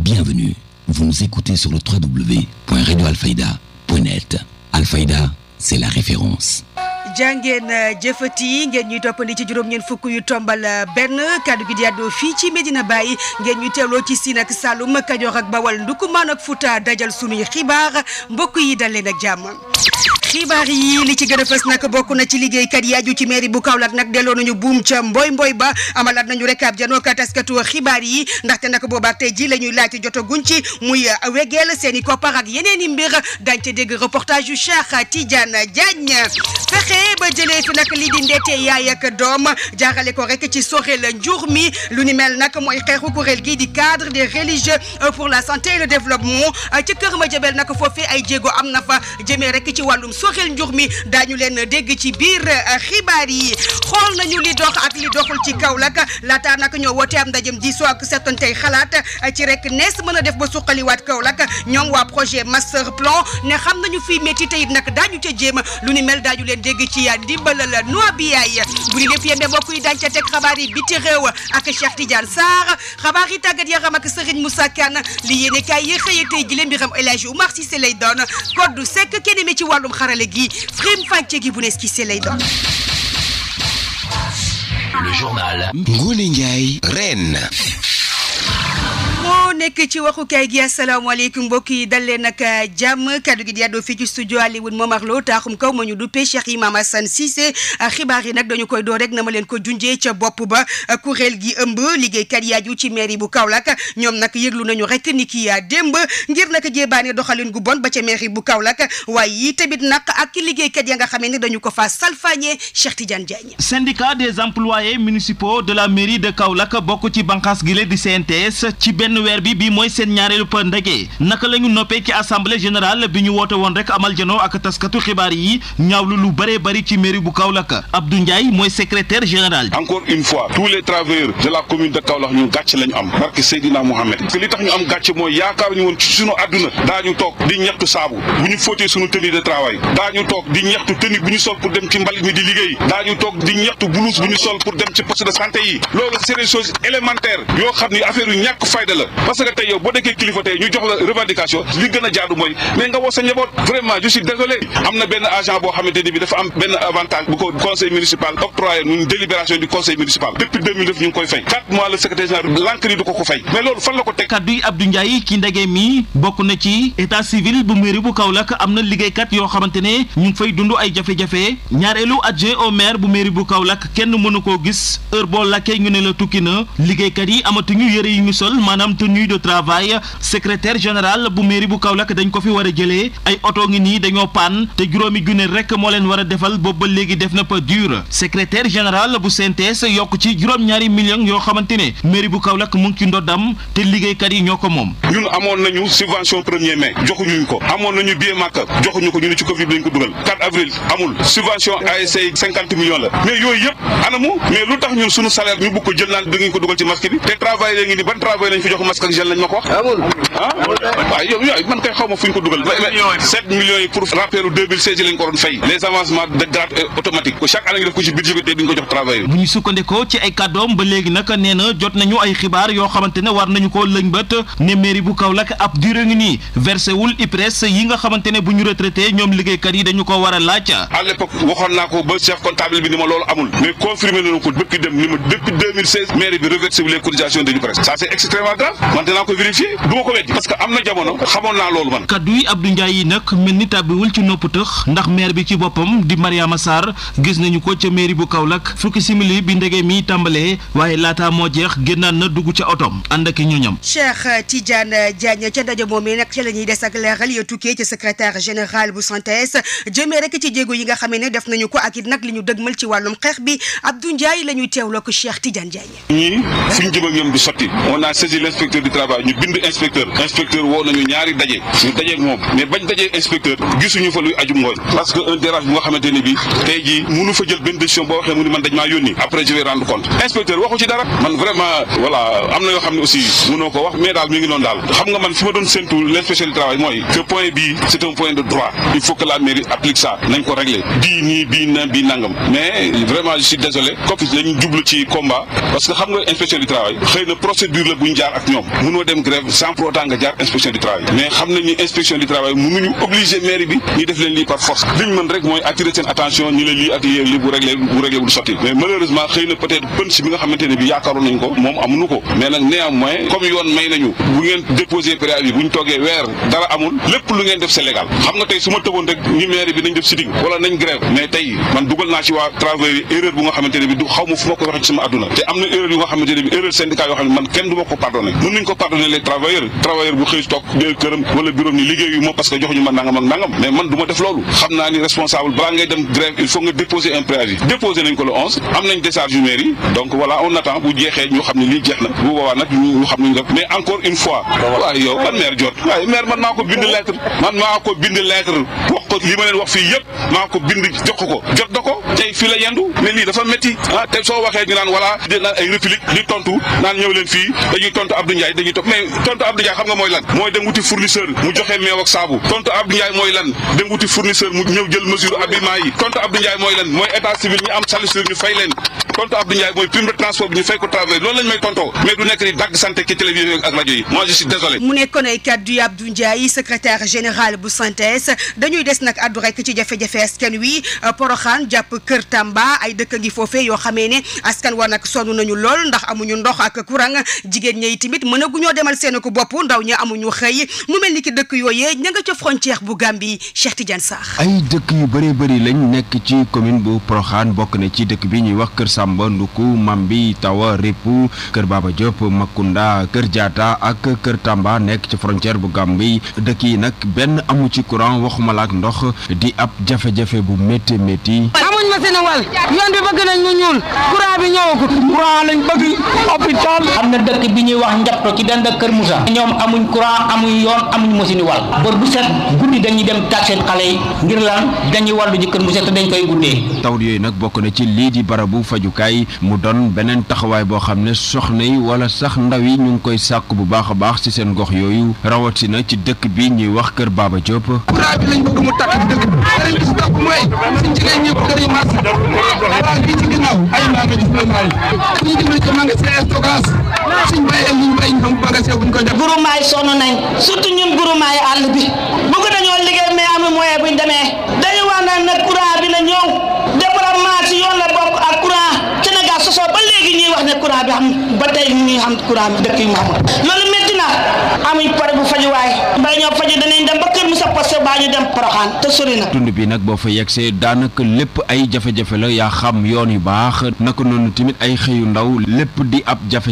Bienvenue. Vous nous écoutez sur le www.radioalfayda.net. Alfayda, c'est la référence. jàngeen euh, jëfati ngeen ñuy toppandi ci juróom ñeen fukk yu tombal euh, benn kaddu gi di fii ci Medina Baye ngeen ñuy teewloo ci Sine ak Saloum Kajoor ak Bawal Ndukumaan ak futa dajal sunuy xibaar mbokk yi dal leen ak xibaar yi li ci gën a fës nag bokk na ci liggéeykat yi aju ci mairie bu Kaolack nag delloo nañu buum ca mboy mboy ba amalaat nañu rek ab janoo ka taskatu xibaar yi nak bo boobaak te ji la ñuy jot jotaguñ ci muy wegeel seen i koppar ak yeneen i mbir dañ ca dégg reportage yu ti Tidiane Diagne fexe ba jëlee fi nag li di ndeete yaay ak doom jaarale ko rek ci sorel njur mi lu ni mel nag mooy xeexu kuréel gi di cadre de religieux pour la santé et le développement a kër ma jëbel ay jéego am na fa soxel njux mi daañu leen dégg ci biir euh, xibaar yi xool nañu li dox ak li doxul ci Kaolack laataa nag ñoo woote am ndajem di soo ak seetaan tey xalaat euh, ci rek nees mën a def ba kaw Kaolack ñoom waa projet master plan ne xam nañu fii métti tey nag daañu ca jéem lu ni mel daañu leen dégg ci euh, ndimbalal noo bi yaay bu ñu lépp yembe mbokk yi daañu ca teg xabaar yi biti a ak Cheikh Tidiane Sarr xabaar yi tàggat ya ak Serigne Moussa Kane li yéene kaay yi xëye tey leen bi xam El Hadji Oumar Cissé lay doon xarale gi gi bu ne esquissé lay doon. Le journal Ngoné Reine ñoo nekk ci waxu waxukaay gi asalaamaaleykum mbokk yi dal leen nag euh, jàmm kaddu gi di yàddoo fii ci studio Alioune Momar Lo taaxum kaw ma ñu duppee Cheikh Imam Assane Cissé euh, xibaar yi nag dañu koy doo rek na ma leen ko junjee ca bopp ba euh, kuréel gi ëmb liggéeykat yi aju ci mairie bu Kaolack ñoom nag yëglu nañu rek ni kii ki démb ngir nag jéebaane doxalin gu bon ba ca mairie bu Kaolack waaye yi tamit nag ak liggéeykat ya nga xamee ne dañu ko fa salfaañee Cheikh Tidiane Diagne. syndicat des employés municipaux de la mairie de Kaolack bokk ci bànqaas gi di CNTS ci benn weer weer bi bii mooy seen ñaareelu pa ndege naka la noppee ci assemblée générale bi ñu woote woon rek amal janoo ak taskatu xibaar yi ñaawlu lu bëree bëri ci mairie bu Kaolack Abdou mooy secrétaire général. encore une fois tous les travailleurs de la commune de Kaolack ñu gàcce la ñu am barke Seydina Mohamed parce que li tax ñu am gàcce mooy yaakaar woon ci sunu àdduna daañu toog di ñaxtu saabu bu ñu fóotee sunu tenue de travail daañu toog di ñaxtu tenue bu ñu sol pour dem ci mbalit mi di liggéey daañu parce que tey yow boo nekkee kilifa tey ñu jox la revendication li gën a jaadu mooy mais nga woo sa njaboot vraiment je suis désolé am na benn agent boo xamante ni bi dafa am benn avantage bu ko conseil municipal octroyé ñun délibération du conseil municipal depuis 2009 ñu ngi koy fay 4 mois le secrétaire général ni du ko ko fay mais loolu fan la ko teg kaddu yi Abdou Ndiaye ci ndege mi bokk na ci état civil bu mairie bu Kaolack am na liggéeykat xamante ne ñu ngi fay dund ñaareelu adjoint au maire bu mairie bu Kaolack kenn mënu koo gis heure boo lakkee ñu ne la tukki na liggéeykat yi amatuñu yëre yi ñu sol maanaam tenue de travail secrétaire bu mairie bu Kaolack dañ ko fi war a jëlee ay oto ngi nii dañoo paan te juróomi junne rek moo leen war a defal boobu léegi def na pa dur secrétaire général bu CNTS yokk ci juróom-ñaari millions yoo xamante ne mairie bu Kaolack mu ngi ci ndoddam te liggéeykat yi ñoo ko moom. ñun amoon nañu subvention premier mai joxuñu ko amoon nañu billet màkk joxuñu ko ñu ne ci Covid bi lañ ko dugal 4 avril amul subvention ASC 50 millions ak jeune lañ ma ko wax. ah waaw yow yooyu man kay xaw fu ñu ko dugal sept millions yi pour rappelu 2016 lañ ko doon fay les avancements de grade euh, automatique ko chaque année ngi def ko ci budget bi te duñ ko jox travailleur bu ñu sukkandikoo ci ay kàddoom ba léegi nag nee jot nañu ay xibaar yoo xamante ne war nañu ko lëñbët ne mairie bu Kaolack ab durée ngi nii versé wul yi nga xamante ne bu ñu retraité ñoom liggéeykat yi dañu ko war a laaj à l'époque waxoon naa ko ba chef parce que am na jamono xamoon naa loolu man. kaddu yi Abdou Ndiaye yi nag mel ni tàbbiwul ci nopp tëx ndax maire bi ci boppam di Mariama Sarr gis nañu ko ca mairie bu kaw Kaolack fukki simili bi ndege mi tàmbalee waaye laataa moo jeex génnaan na dugg ca otoom ànd ak ñoñam. Cheikh Tidiane Diagne ca ndaje moom yi nag ca la ñuy des ak leeral yu tukkee ci secrétaire général bu SONTES jëmee rek ci jéego yi nga xam ne def nañu ko ak i nag li ñu dëgmal ci wàllum xeex bi Abdou Ndiaye la ñuy teewloo ko Cheikh Tidiane Diagne. ñii fi ñu jëm ak ñoom du sotti on a saisi l'inspecteur du travail ñu bind inspecteur woo nañu ñaari daje ñu dajeeg moom mais bañ dajee inspecteur gisuñu fa luy aju ngooñ parce que un dérage bu nga xamante ne bi tey jii mënu fa jël benn décision boo waxee mu ni man dañ maa yónni après je vais compte inspecteur waxu ci dara man vraiment voilà am na yoo xam ne aussi mënoo ko wax mais daal mi ngi noonu daal xam nga man fi ma doon séntu l'inspection du travail mooy que point bii c'est un point de droit il faut que la mairie applique nga jaar inspection du travail mais xam nañ ni inspection du travail mënuñu obligé mairie bi ñu def leen lii par force liñ mën rek mooy attirer seen attention ñu leen lii ak lii bu réglé bu réglé bu sotti mais malheureusement xëy na peut-être bi nga xamante bi yaakaaroon nañ ko moom amuñu ko mais nag néanmoins comme yoon may nañu bu ngeen déposé préavis bu ñu toogee weer dara amul lépp lu ngeen def c'est légal xam nga tey su ma tëboon travailleur bu bureau ni liggéeyu ma parce que joxuñu ma nangam nangam mais man du def loolu xam naa ni responsable balaa ngay dem grève il faut nga déposer un préavis déposé nañ ko le 11 am nañ décharge yu mairie donc voilà on attend bu jeexee ñu xam ne lii jeex na mais encore une fois waaye yow man maire jot waaye maire man maa ko bind lettre maa ko bind lettre wax li ma leen wax fii yëpp maa ko bind jot na ko tey fii la yendu mais lii dafa métti ah nga mooy lan mooy dem wuti fournisseur mu joxe meew ak saabu tontu Abdou Ndiaye mooy lan mooy état civil ñi am salissure ñu fay leen tontu Abdou Ndiaye mooy prime transport bi ñu fay ko travail loolu lañ may tontoo mais du nekk di dagg santé ki télévision ak rajo yi moi je suis mu nekkoon ay kaddu yi Abdou Ndiaye secrétaire général bu SYNTES dañuy des nag addu ci jafe-jafe askan wi euh, Poroxaan jàpp Kër Tamba ay dëkk ngi foofee yoo xamee ne askan a ndaw ñi amuñu xëy mu mel ni ki dëkk yooyee ña nga frontière bu Gambie Cheikh Tidiane Sarr ay dëkk yu bëree bëri lañ nekk ci commune bu Proxaan bokk na ci dëkk bi ñuy wax Kër Samba Nduku Mambi Tawa Répu Kër Baba Diop Makunda Kër Diatta ak Kër Tamba nekk ci frontière bu Gambie dëkk yi nag benn amu ci courant waxuma la ndox di ab jafe-jafe bu métti métti. amuñ machine a wal yoon bi bëgg nañ ñuul courant bi ñëwagut courant lañ bëgg hôpital am na dëkk amuñ courant amuñ yoon amuñ machine wal bër bu set guddi dañuy dem taag seen xale yi ngir lan dañuy wàllu jëkkër mu te dañ koy guddee tawat yooyu nag bokk na ci lii di barabu fajukaay mu doon beneen taxawaay boo xam ne soxna yi wala sax ndaw yi ñu ngi koy sàkk bu baax a baax ci seen gox yooyu rawatina ci dëkk bi ñuy wax kër baaba Diop courant bi lañ bëgg mu tàkk dëkk bi gis topp gis na maay ñu dimbali ko maa nga see stockage suñ bàyyee groupement yi sonn nañ surtout ñun groupement yi àll bi bëgg dañoo liggéey mais amul moyen buñ demee dañu wax naan nag courant bi na ñëw développement ci yoon la bokk ak courant Sénégal sosoo ba léegi ñuy wax ne courant bi am ba tey ñuy xam courant bi dëkk yu mu amul loolu métti na amuñ pare bu ñoo faju danañ dem sëñ Moussa Poste baa boo fa yegsee daanaka lépp ay jafe la yaa xam yoon yu baax naka noonu tamit ay xëyu ndaw lépp di ab jafe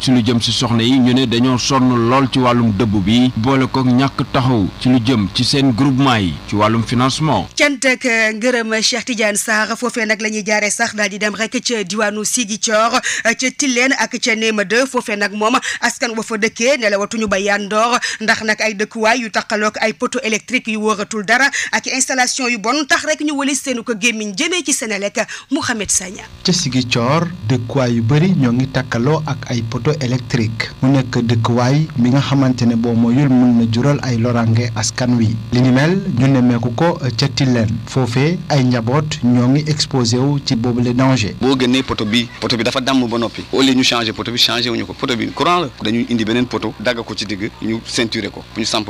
ci lu jëm si soxna yi ñu ne dañoo sonn lool ci wàllum dëbb bi boole ko ñàkk taxaw ci lu jëm ci seen groupement yi ci wàllum financement. cant ak euh, ngërëm Cheikh Tidiane Sarr foofee nag la ñuy jaaree sax daal di dem rek ca diwaanu Ziguinchor euh, ca Tilène ak ca Néma 2 foofee nag moom askan wa fa dëkkee nelawatuñu ba yandoor ndax nag ay dëkkuwaay yu taqaloog ay poteau électrique yu wóoratul dara ak installation yu bon tax rek ñu walis seenu ko gémmiñ jëmee ci Senelec Mouhamed Sagna ca Ziguinchor dëkkuwaay yu bëri ñoo ngi takkaloo ak ay poteau électrique mu nekk dëkkuwaay mi nga xamante ne boo mooyul mën na jural ay lorange askan wi li ni mel ñu nemmeeku ko ca Tilène foofee ay njaboot ñoo ngi exposé wu ci boobu le danger boo génnee poteau bi poteau bi dafa damm ba noppi au lieu ñu changé poteau bi changé wuñu ko poteau bi courant la dañuy beneen poteau dagg ko ci digg ñu ko bu ñu samp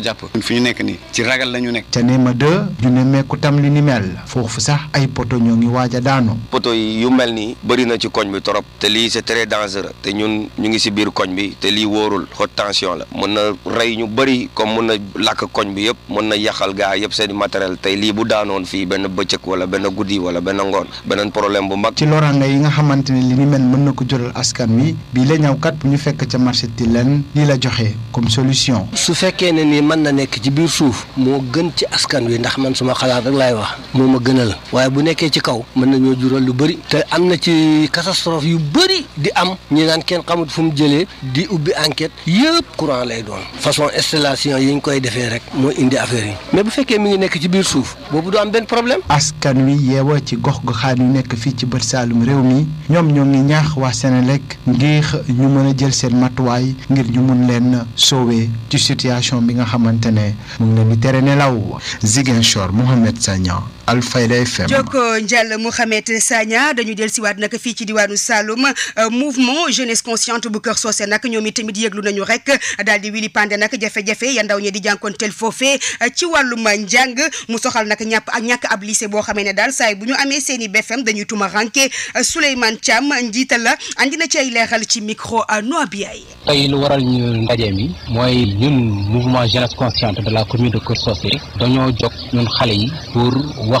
koo jàpp fi ñu nekk nii ci ragal la ñu nekk ca Néma 2 ñu nemmeeku tam li ni mel foofu sax ay poto ñoo ngi waaj a daanu poto yi yu mel nii bëri na ci koñ bi trop te lii c'est très dangereux te ñun ñu ngi si biir koñ bi te lii wóorul haute tension la mën na rey ñu bëri comme mën na lakk koñ bi yëpp mën na yàqal gaa yëpp seen matériel tey lii bu daanoon fii benn bëccëg wala benn guddi wala benn ngoon beneen problème bu mag ci loraange yi nga xamante ne li ni mel mën na ko jural askan wi bii la ñawkat bu ñu fekk ca marché ti leen lii la joxe solution man na nekk ci biir suuf moo gën ci askan wi ndax man suma xalaat rek laay wax moo ma gënal waaye bu nekkee ci kaw mën nañoo jural lu bëri te am na ci catastrophe yu bëri di am ñi naan kenn xamut fu mu jëlee di ubbi enquête yëpp courant lay doon façon installation yi ñu koy defee rek mooy indi affaire yi mais bu fekkee mi ngi nekk ci biir suuf boobu du am benn problème. askan wi yeewoo ci gox-goxaan yu nekk fii ci bët Saalum réew mi ñoom ñoo ngi ñaax waa Senelec ngir ñu mën a jël seen matuwaay ngir ñu mun leen soowee ci situation bi nga xamante ne mu ngi leen di tere nelaw Ziguinchor sa Sagnan. Alfayda FM. Jokko Njàll Mouhamed Sagna dañu del waat nag fii ci diwaanu Saloum euh, mouvement jeunesse consciente bu Kër Socé nag ñoom itamit yëglu nañu rek daal di wili pande nag jafe-jafe ya ndaw ñi di jànkoonteel foofe euh, ci wàllum njàng mu soxal nag ñàpp ak ñàkk ab lycée boo xamee ne daal saay bu ñu amee seen i BFM dañuy tuma ranke euh, Souleymane Thiam njiital la andi na ci ay leeral ci micro Noa Biaye. tey lu waral ñu ndaje mi mooy ñun mouvement jeunesse consciente de la commune de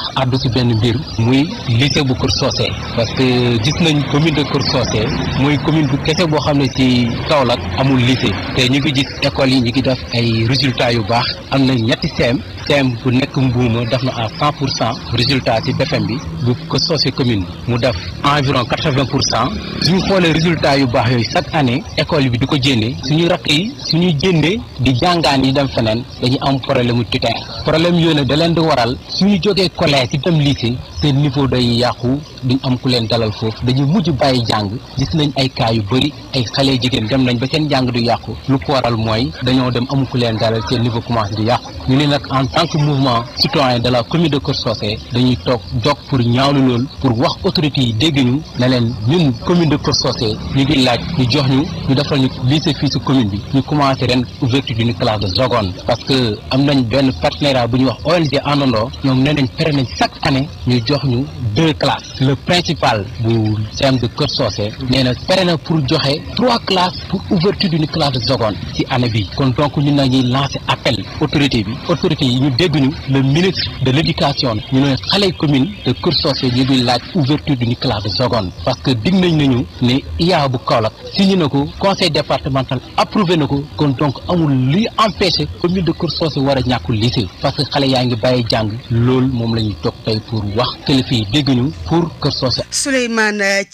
wax àddu ci benn mbir muy lycée bu Kër Socé parce que gis nañ commune de Kër Socé mooy commune bu kese boo xam ne ci Kaolack amul lycée te ñu ngi gis écoles yi ñu ngi def ay résultats yu baax am nañ ñetti CEM CEM bu nekk Mbuuma def na à cent pour cent résultat ci BFEM bi bu Kër Socé commune bi mu def environ quatre-vingt pour cent suñu xoolee résultat yu baax yooyu chaque année école bi di ko jénne suñu rakk yi suñu jénne di jàngaan yi dem feneen dañu am problème mu tuteur problème yooyu da di waral suñu jógee classe itam lycée seen niveau day yàqu duñ am ku leen dalal foofu dañuy mujj bàyyi jàng gis nañ ay cas yu bëri ay xale jigéen dem nañ ba seen jàng du yàqu lu ko waral mooy dañoo dem amu ku leen dalal seen niveau commencé di yàqu ñu ne nag en tant que mouvement citoyen de la commune de Keur Socé dañuy toog jog pour ñaawlu lool pour wax autorités yi dégg ñu ne leen ñun commune de Keur Socé ñu ngi laaj ñu jox ñu ñu defal ñu lycée fii si commune bi ñu commencé ren ouverture d'une de bu ñuy wax ONG ne chaque année ñu jox ñu deux classes bu CEM pour joxe trois classes pour ouverture d'une classe de seconde ci bi kon donc ñun nag ñuy lancer appel bi autorité yi ñu dégg ñu le ministre de l'éducation ñu ne xale de Kër Socé ñu ngi laaj ouverture d'une que dig nañ nañu ne IA bu Kaolack signé na ko conseil départemental approuvé na ko kon donc amul luy empêcher commune de Kër Socé a ñàkkul parce que xale yaa ngi bàyyi jàng loolu moom la la ñu toog tey pour wax kilifa yi dégg ñu pour Kër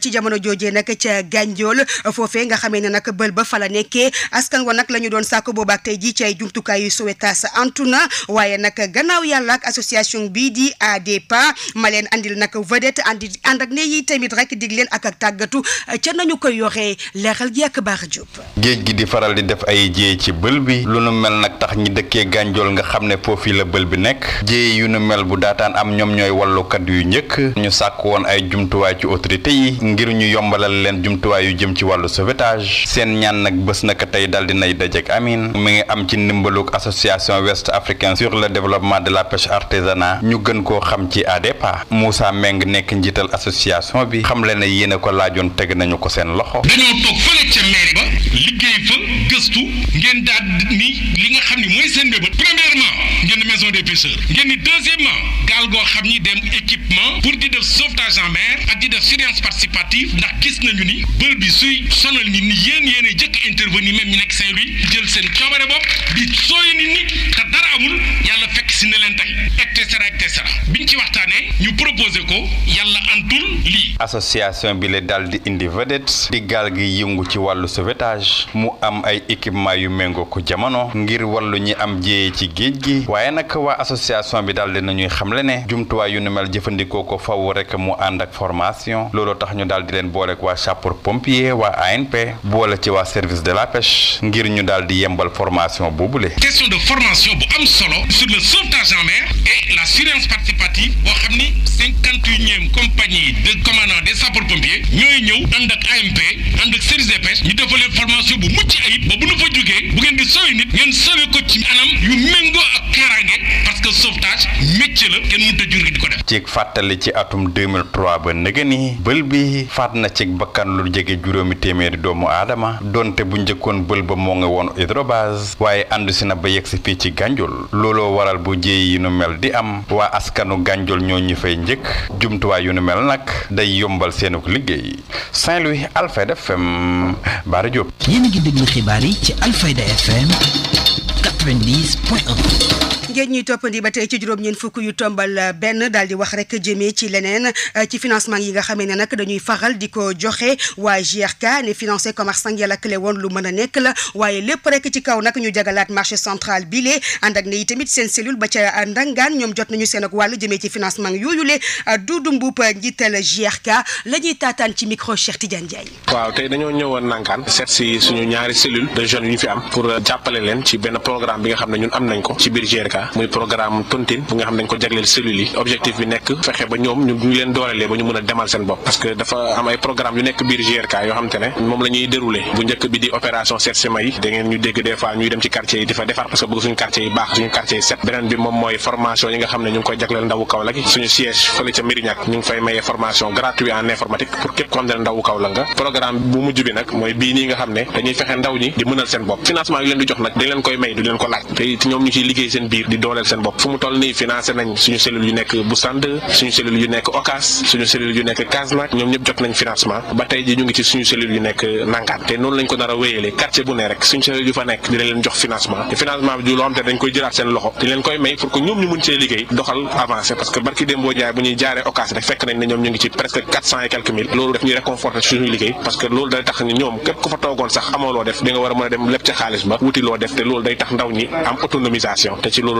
ci jamono joojee nag ca Gànjool foofe nga xame ne nag bël ba fa la nekkee askan wa nag la ñu doon sàkk boobaak tey jii ci ay jumtukaay yu Sowetaas antu na waaye nag gannaaw yàlla ak association bii di a ADEPA pa leen andil nag vedette andi ànd ak ne yi tamit rek dig leen ak ak tàggatu ca nañu koy yoxee leeral gi ak baax jub. géej gi di faral di def ay jéey ci bël bi lu nu mel nag tax ñi dëkkee Gànjool nga xam ne foofu la bël bi nekk jéey yu nu mel bu daataan am ñoom ñooy wàllukat yu njëkk ñu sàkk woon ay jumtuwaay ci autorité yi ngir ñu yombalal leen jumtuwaay yu jëm ci wàllu sovetage seen ñaan nag bés naka tey dal dinay dajek amin mi ngi am ci ndimbaluk association west africaine sur le développement de la pêche artisanale ñu gën koo xam ci ADEPA Moussa Meng nekk njiital association bi xam le ne ko laajoon teg nañu ko seen loxo dañoo toog fële ca mairie ba liggéey fa gëstu ngeen daal maison des pêcheurs ngeen ni deuxièmement gaal goo xam ni dem équipement pour di def sauvetage en ak di def surveillance participative ndax gis nañu ni bër bi suy sonal nit ni yéen yéen a jëkk intervenir même ñu nekk Saint-Louis jël seen coobare bopp di sooy nit ni te dara amul yàlla fekk si ne leen tey et cetera et cetera biñ ci waxtaanee ñu proposé ko yàlla antul lii. association bi la daal di indi vedette di gaal gi yëngu ci wàllu sauvetage mu am ay équipement yu méngoo ko jamono ngir wàllu ñi am jéeye ci géej gi nag waa association bi daal di nañuy xamle ne jumtuwaay yu nu mel jëfandikoo ko faw rek mu ànd ak formation looloo tax ñu daal di leen booleek waa sapeur pompier waa ANP boole ci waa service de la pêche ngir ñu daal di yembal formation boobule. question de formation bu am solo sur le sauvetage en et la surveillance participative compagnie compagnie de commandant des sapeurs pompiers ñooy ñëw ànd ak AMP and ak service des pêches ñu defalee formation bu mucc ayib ba bu nu fa jógee bu ngeen di sauver nit ngeen sauver ko ci anam yu méngoo ak kaaraange que sauvetage la kenn mënut jur gi di ko def. cig fàttali ci atum 2003 ba nëgë bël bi faat na cig bakkan lu jege juróomi téeméeri doomu aadama donte bu njëkkoon bël ba moo ngi woon hydrobase waaye ànd si na ba yegg si fii ci gànjol looloo waral bu jéey yi nu mel di am waa askanu gànjol ñoo ñu fay njëkk jumtuwaay yu nu mel nag day yombal seenuk liggéey Saint-Louis Alfayda FM Bara ngeen ñuy toppandi ba tey ci juróom-ñeent fukk yu tombal benn daal di wax rek jëmee ci leneen euh, ci financement yi nga xamee ne nag dañuy faxal di ko joxe waa GRK ne financé commerçant yàlla clé woon lu mën a nekk la waaye lépp rek ci kaw nak ñu jagalaat marché centrale bi lee ànd ak ne yi tamit seen cellule ba ca ndangaan ñoom jot nañu seen ak walla jëmee ci financement yooyu le euh, Doudou Mboup njiital GRK la ñuy taataan ci micro Cheikh Tidiane Ndiaye. waaw tey dañoo ñëwoon nankaan seet si suñu ñaari cellule de jeunes yu ñu fi am leen ci benn programme bi xam ne ñun am nañ ko ci biir PDK muy programme tontine bu nga xam ne dañuy fexe ndaw ñi di mënal seen bopp financement yi leen di jox nag dañ leen koy may du leen ko laaj te ñoom ñu ciy liggéey seen biir di dooleel seen bopp fu mu toll nii financé nañ suñu cellule yu nekk bu sand suñu cellule yu nekk Ocas suñu cellule yu nekk Kasnak ñu ngi ci suñu cellule yu nekk nangaan te noonu lañ ko nar a wéyalee quartier bu ne rek suñu cellule yu fa nekk dina leen jox financement te financement bi du loo xam te dañ ñoom ñu ngi ci presque quatre cent et quelques mille loolu daf ñuy réconforté suñuy liggéey parce que loolu day tax a mën a dem lépp ca xaalis ba wuti loo def ndaw ñi am autonomisation te ci loolu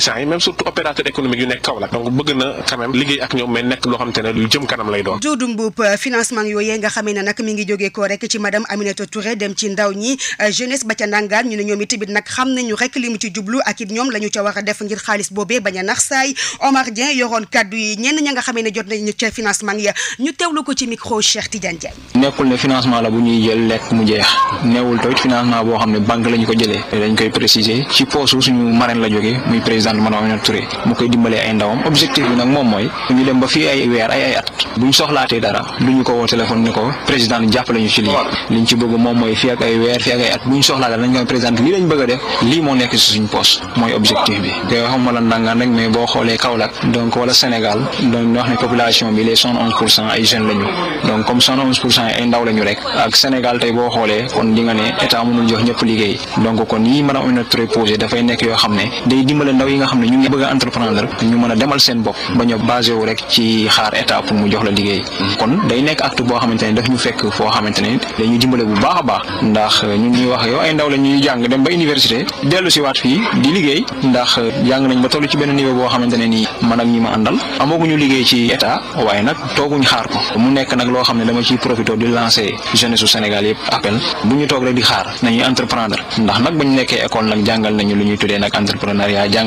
commerçant yi même surtout opérateur euh, euh, yi ñenn ña nga xamee ne jot nañu ca financement ya ñu teewlu ko ci micro Cheikh nekkul ne financement la bu ñuy jël lekk mu jeex neewul tamit financement boo xam ne banque la ko jëlee dañ koy préciser ci poosu suñu marraine la jógee muy président président Mamadou Aminata Touré mu koy dimbalee ay ndawam objectif bi nag moom mooy ñu dem ba fii ay weer ay ay at buñ soxlaatee dara du ko woo téléphone ni ko président jàppale ñu ci a def lii moo nekk si la ndàngaan rek mais boo xoolee Kaolack donc wala Sénégal donc wax bi les cent la ñu donc comme onze pour cent ay ndaw la rek ak Sénégal tey boo xoolee kon di nga ne état mënul jox ñëpp liggéey donc kon yi Mamadou Aminata Touré posé dafay nekk yoo xam ne day dimbale ndaw nga xam ne ñu ngi bëgg a entreprendre ñu mën a demal seen bopp bañ a basé wu rek ci xaar état pour mu jox la liggéey mm. kon day nekk acte boo xamante daf ñu a la ñuy jàng dem ba université dellu waat fii di liggéey ndax jàng nañ ba toll ci benn niveau boo xamante nii man ak ñi ma àndal amooguñu liggéey ci état waaye nag tooguñ xaar ko mu nekk nag loo xam ne dama ciy profité di lancer jeunesse su Sénégal yëpp appel bu ñu toog rek di xaar nañuy entreprendre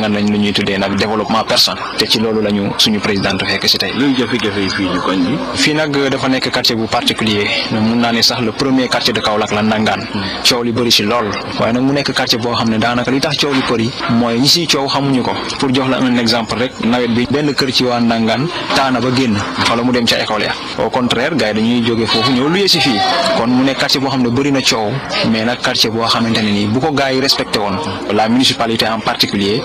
ndax nañ ñuy tuddee nag développement personne te ci loolu la ñu suñu présidente fekk si tey. luy jafe-jafe yi fii ñu koñ bi. fii nag dafa nekk quartier bu particulier mun naa ne sax le premier quartier de Kaolack la Ndangaan hmm. coow li bëri si lool waaye nag mu nekk quartier boo xam ne daanaka li tax coow li bëri mooy ñi siy coow xamuñu ko pour jox la un exemple rek nawet bi benn kër ci waa Ndangaan taana ba génn wala mu dem ca école ya au contraire gars yi dañuy jóge foofu ñëw luyee si fii kon mu nekk quartier boo xam ne bëri na coow mais nag quartier boo xamante bu ko gars yi respecté woon la municipalité en particulier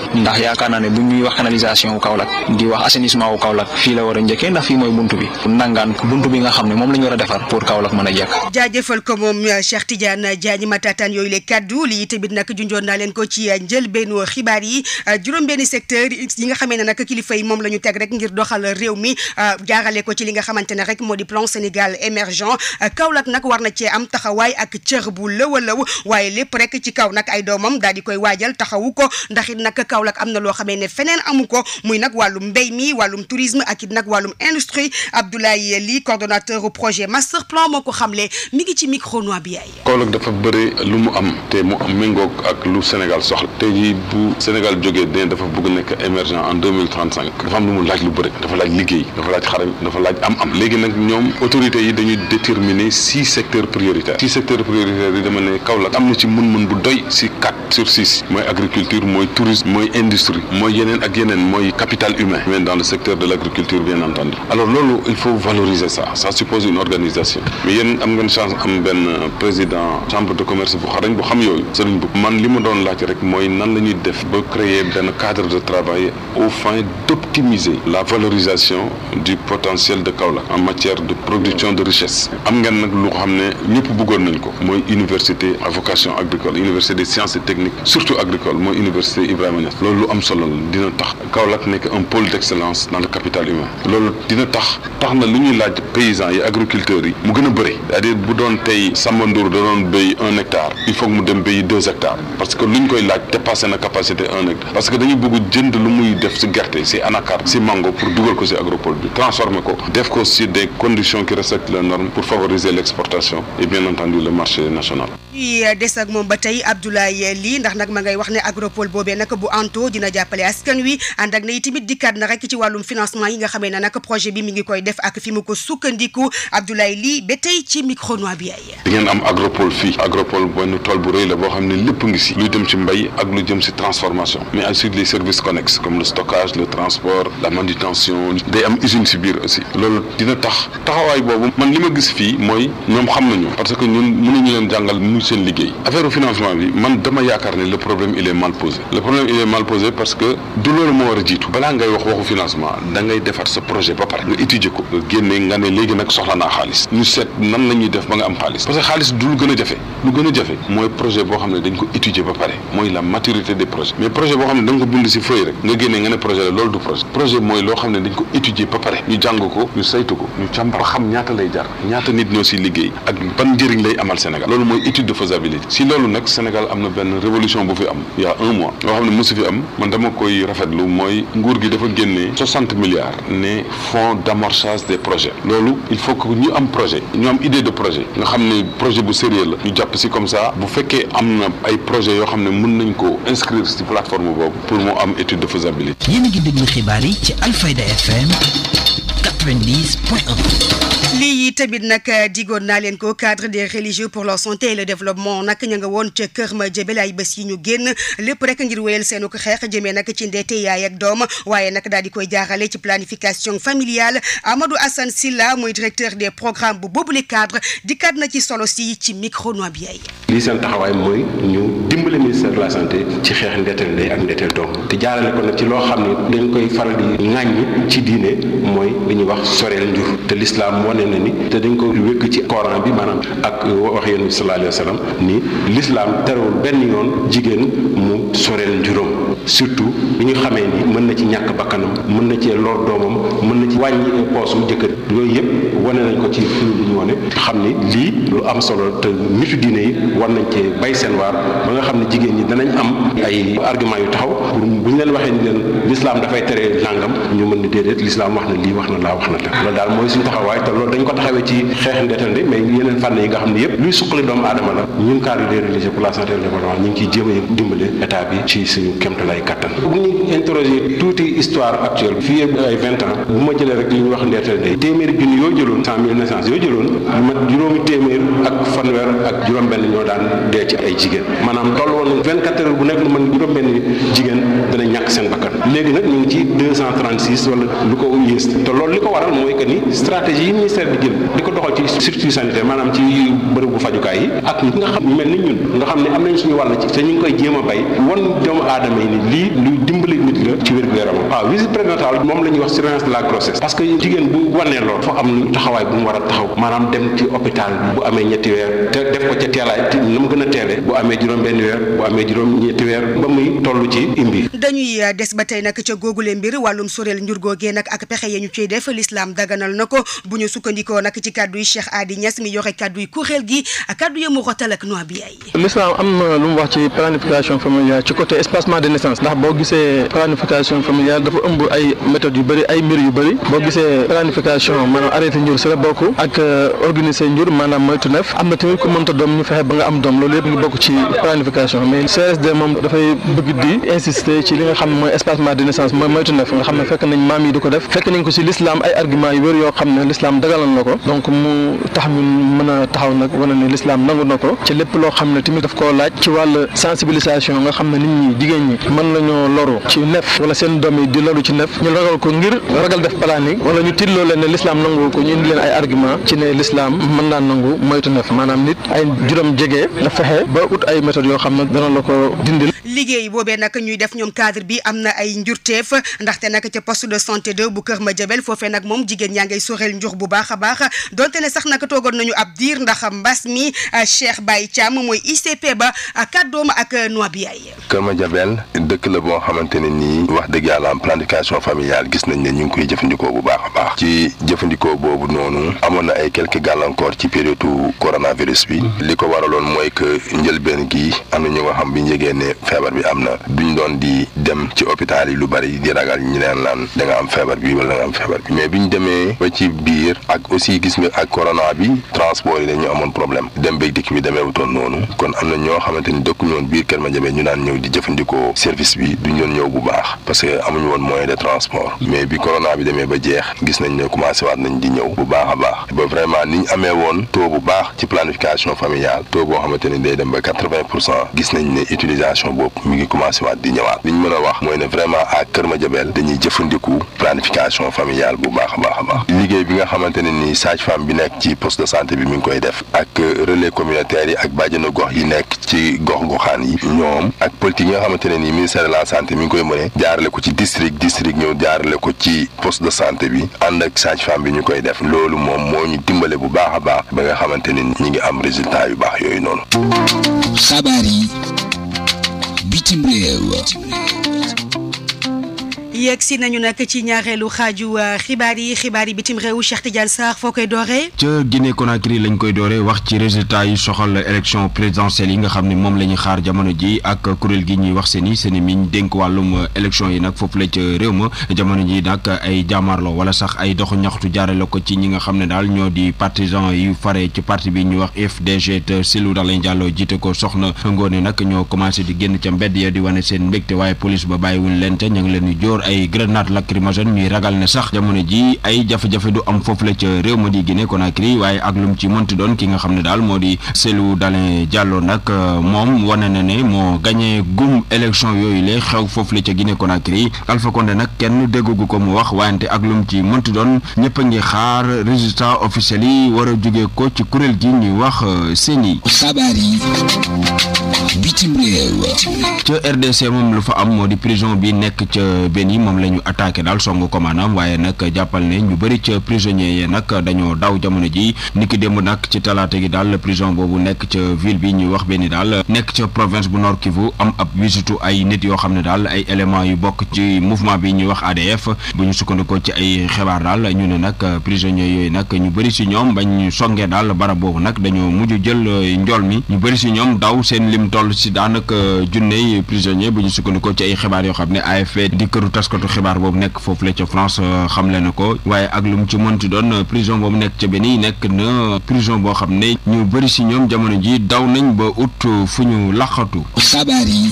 yaakaar naa ne bu ñuy wax canalisation wu Kaolack di wax assainissement wu Kaolack fii la war a njëkkee ndax fii mooy buntu bi nangaan buntu bi nga xam ne moom la ñu war a defar pour Kaolack mën a jekk jaajëfal ko moom Cheikh Tidiane Diagne Matatan yooyu le kaddu juróom-benni secteur yi nga xamee ne nag kilifa yi moom la ñu teg rek ngir doxal réew mi jaarale ko ci li nga xamante ne rek moo di Sénégal émergent Kaolack nag war na cee am taxawaay ak cër bu lëw a lëw waaye lépp rek ci kaw nag ay doomam daal koy waajal na loo xamee ne feneen amu ko muy nag wàllum mbéy mi wàllum tourisme ak it nag wàllum industrie Abdoulaye Ly coordonnateur projet master plan moo ko xamle mi ngi ci micro bi yaay. Kaolack dafa bëri lu mu am te mu am méngoog ak lu Sénégal soxla tey jii bu Sénégal jógee dinañ dafa bëgg nekk émergent en dafa am lu mu laaj lu bëri dafa laaj liggéey dafa laaj xarañ dafa laaj am-am léegi nag ñoom autorités yi dañuy déterminer six secteurs prioritaires six secteurs prioritaires yi dama ne Kaolack am na ci mën-mën bu doy si quatre sur six mooy agriculture mooy tourisme industrie mooy yeneen ak yeneen mooy capital humain mais dans le secteur de l' bien entendu alors loolu il faut valoriser ça suppose une organisation mais yéen am ngeen chance am benn président chambre de commerce bu bu xam yooyu sëriñ bu man li ma doon laaj rek mooy nan la def ba créer benn cadre de travail au fin d' optimiser la valorisation du potentiel de Kaolack en matière de production de richesse am ngeen nag lu xam ne ñëpp bëggoon nañ ko mooy université à vocation agricole université des sciences et techniques surtout agricole mooy université Ibrahima Niass loolu solo dina tax Kaolack nekk un pole d'excellence dans le capital humain loolu dina tax tax na lu ñuy laaj paysans yi agriculteurs yi mu gën a bëri cest à bu doon tey Samba Ndour da doon béy un hectare il faut que mu dem béyi deux hectares parce que lu ñu koy laaj dépassé na capacité un hectare parce que dañu bëgg jënd lu muy def si gerte si anacarde si mango pour dugal ko si agropole bi transformer ko def ko si des conditions qui respectent les normes pour favoriser l'exportation le marché national ñuy euh, des ak moom ba tey Abdoulaye euh, Ly ndax nag ma ngay wax ne agropole boobee nag bu anto dina jàppale askan wi ànd ak ne itamit dikkaat na rek ci wàllum financement yi nga xamee ne nag projet bi mi ngi koy def ak fi mu ko sukkandiku Abdoulaye Ly ba tey ci micro bi ay lu jëm ci transformation mais ensuite les services connexes comme le stockage le transport la manutention day am usine si biir aussi loolu dina tax taxawaay boobu man li ma gis seen liggéey affaire financement bi man dama yaakaar ne le problème il est mal posé le problème il est mal posé parce que du loolu moo war a jiitu balaa ngay wax waxu financement da defar sa projet ba pare nga étudier ko nga génne nga ne léegi nag soxla naa xaalis ñu seet nan la ñuy def ba nga am xaalis parce que xaalis du lu gën a jafe lu gën a jafe mooy projet boo xam ne dañ ko étudier ba pare mooy la maturité des projets mais projet boo xam ne da nga ko bind si feuille rek la dañ ñaata lay jar ñaata nit ñoo si liggéey ak ban de faisabilité si loolu nag Sénégal am na benn révolution bu fi am il y a un mois yoo xam ne mosu fi am man dama koy rafet rafetlu mooy nguur gi dafa génnee soixante milliards ne fonds d'amorçage des projets loolu il faut que ñu am projet ñoom am idée de projet nga xam ne projet bu sérieux la ñu jàpp si comme ça bu fekkee am na ay projets yoo xam ne mun nañ ko inscrire si plateforme boobu pour mu am étude de faisabilité. yéen a ngi xibaar yi ci Alfayda FM 90 point 1. yi tamit nag euh, digoon naa leen ko cadre des religieux pour la santé et le développement nag ña nga woon ca kër ma jëbel ay bés yi ñu génn lépp rek ngir wéyal seenu ko xeex jëmee nag ci ndeete yaay ak doom waaye nag daal di koy jaarale ci planification familiale Amadou Assane Silla mooy directeur des programmes bu boobule cadre dikkaat na ci solo si ci micro noa bi ay lii seen taxawaay mooy ñu dimbale ministère de la santé ci xeex ndeeteel ndey ak ndeeteel doom te jaarale ko nag ci loo xam ne dañ koy faral di ŋàññ ci diine mooy li ñuy wax soreel njur te lislaam wane na ni te dañ ko wékk ci coran bi maanaam ak wax yonent bi sallallahu alayhi wa sallam ni l'islam terewul benn yoon jigéen mu soreel njuróom surtout bi ñu xamee ni mën na ci ñàkk bakkanam mën na cee lor doomam mën na ci wàññi poosu jëkkër yooyu yëpp wane nañ ko ci film bi ñu wane xam ni lii lu am solo te nitu diine ne jigéen am ay argument yu taxaw bu ñu leen waxee ni leen lislaam dafay tere nàngam ñu mën ni déedéet lislaam wax na lii wax na laa wax na la daal mooy suñu taxawaay te loolu dañ ko taxawee ci xeex ndeetande mais yeneen fànn yi nga xam ne yëpp luy suqali doomu aadama la ñun cadre des religieux pour la santé ngi ciy jéem a dimbale état bi ci ay kattan bu ñu interroger tuuti histoire actuelle bu ma jëlee rek li wax ndeetal day téeméeri junni yoo jëloon cent mille naissance yoo jëloon mat juróomi téeméer ak fanweer ak juróom-benn ñoo daan dee ci ay jigéen maanaam toll woon vingt quatre heures bu nekk lu mën juróom-benn jigéen dana ñàkk seen bakkan léegi nag ñu ngi ci deux cent trente six lu ko yées te loolu li ko waral mooy que ni stratégie yi ministère bi jël di ko doxal ci structure sanitaire maanaam ci bërëbu fajukaay yi ak ñi nga xam ñu mel ni ñun nga xam ne am nañ suñu wàll ci ñu ngi koy jéem a bay lii luy dimbali ci wér-gu-yaram waaw ah, visite prénatale moom la ñuy wax surveillance de la grossesse parce que jigéen bu wanee lool am lu taxawaay bu mu war a taxaw maanaam dem ci hôpital bu amee ñetti weer te def ko ca teelaay na mu gën a teele bu amee juróom-benn weer bu amee juróom-ñetti weer ba muy toll ci imbi dañuy ah, des ba tey nag ca googule mbir wàllum soreel njur googee nag ak pexe ya ñu def l'islam daganal na ko bu ñu sukkandikoo nag ci kàddu yi Adi Niass mi yore kàddu planification familiale dafa ëmb ay méthodes yu bëri ay mbir yu bëri boo gisee planification maanaam arrêté njur si la bokk ak euh, organiser njur maanaam moytu neef am na tamit ku mënta doom ñu fexe ba nga am doom loolu yëpp ngi bokk ci planification mais CSD moom dafay bëgg di insister ci li nga xam ne moytu neef nga xam ne fekk nañ maam yi di ko def fekk nañ ko ci l'islam ay argument yu wér yoo xam ne l'islam dagalal ko donc mu tax ñun mën a taxaw nag wane ne l'islam na la seen doom yi di loru ci ndef ñu ragal ko ngir ragal def planique wala ñu tiitloo leen ne lislaam nanguwul ko ñu indi leen ay argument ci ne lislaam mën naa nangu moytu ndef maanaam nit ay juróom jege la fexe ba ut ay méthodes yoo xam na dana la ko dindil liggéey boobee nag ñuy def ñoom cadre bi am na ay njurteef ndaxte nag ca poste de santé 2 bu Kër ma jabel foofe nag moom jigéen ñaa ngay soreel njur bu baax a baax donte ne sax nag toogoon nañu ab diir ndax mbas mi ah, Cheikh Baye Thiam mooy ICP ba ah, kàddoom ak Noa Biaye. Kër Madiabel dëkk la boo xamante ne nii. wax dëgg yàlla am planification familiale gis nañ ne ñu ngi koy jëfandikoo bu baax a baax ci jëfandikoo boobu noonu amoon na ay quelques gàllankoor ci période coronavirus bi mm-hmm. li ko waraloon mooy que njëlbeen gi am na ñu nga xam bi ñu yëgee ne feebar bi am na duñ doon di dem ci hôpital yi lu bari di ragal ñu leen laan danga am feebar bi wala da am feebar bi mais bi ñu demee ba ci biir ak aussi gis nga ak corona bi transport yi dañu amoon problème dem beeg dikk bi demeewutoon noonu kon am na ñoo xamante ni dëkku ñoon biir Kër Madiabel ñu daan ñëw di jëfandikoo service bi duñ doon ñëw bu baax parce que amuñu woon moyen de transport mais bi corona bi demee ba jeex gis nañ ne commencé waat nañ di ñëw bu baax a baax ba vraiment ni ñu amee woon taux bu baax ci planification familiale taux boo xamante ni day dem ba quatre-vingt pour cent gis nañ ne utilisation boobu mi ngi commencé waat di ñëwaat li ñu mën a wax mooy ne vraiment à Kër Madiabel dañuy jëfandiku planification familiale bu baax a baax a baax liggéey bi nga xamante ne ni sage-femme bi nekk ci poste de santé bi mi ngi koy def ak yi ak bàjjenu gox yi nekk ci gox goxaan yi ñoom ak politique yi nga xamante ne ni ministère de la santé mi ngi koy mëne jaarale ko ci district district ñëw jaarale ko ci poste de santé bi ànd ak sage-femme bi ñu koy def loolu moom moo ñu dimbale bu baax a baax ba nga xamante ne ñi ngi am résultat yu baax yooyu noonu. xabaar yi bitim yegg si nañu nag ci ñaareelu xaaju euh, xibaar yi xibaar yi bitim réew Cheikh Tidiane Sarr foo koy dooree. ca Guinée Conakry lañ koy dooree wax ci résultat yi soxal élection présidentielle yi nga xam ne moom la ñuy xaar jamono ji ak kuréel gi ñuy wax seen i seen i miñ dénk wàllum euh, élection yi nag foofu la ca réew ma jamono ji nag ay jaamarloo wala sax ay doxu ñaxtu jaarale ko ci ñi nga xam ne daal ñoo di partisan yu fare ci parti bi ñu wax FDG te Cellou Dalein Diallo jiite ko soxna Ngoone nag ñoo commencé di génn ca mbedd seen mbégte waaye police ba bàyyiwul leen te ñu leen di joor ay grenade lacrymogène ñuy ragal ne sax jamono ji ay jafe-jafe du am foofu la ca réew ma di Guinée Conakry waaye ak lum ci mënti doon ki nga xam ne daal moo di Cellou Dalein Diallo nag euh, moom wane na ne moo gagné gum élection yooyu la xew foofu la ca Guinée Conakry Alpha Condé nag kenn déggagu ko mu wax waayante ak lum ci mënti doon ñëpp a ngi xaar résultat officiel yi war a jóge ko ci kuréel gi ñuy wax CENI. Euh, xabaar yi. bitim réew ca RDC moom lu fa am moo di prison bi nekk ca benn yi moom la ñu attaqué daal song ko waaye nag jàppal ne ñu bëri ca prisonniers yi nag dañoo daw jamono ji niki démb nag ci talaata gi daal prison boobu nekk ca ville bi ñuy wax benn daal nekk ca province bu Nord Kivu am ab visitu ay nit yoo xam ne daal ay éléments yu bokk ci mouvement bi ñuy wax ADF bu ñu sukkandikoo ci ay xibaar daal ñu ne nag prisonniers yooyu nag ñu bëri si ñoom bañ ñu songee daal barab boobu nag dañoo mujj jël njool mi si daanaka junney prisonnier bu ñu sukkandikoo ci ay xibaar yoo xam ne AFP di këru taskatu xibaar boobu nekk foofu la ca France euh, xamle na ko waaye ak lu mu ci mënti doon euh, prison boobu nekk ca Béni nekk na prison boo xam ne ñu bari si ñoom jamono ji daw nañ ba ut euh, fu ñu laqatu. xabaar yi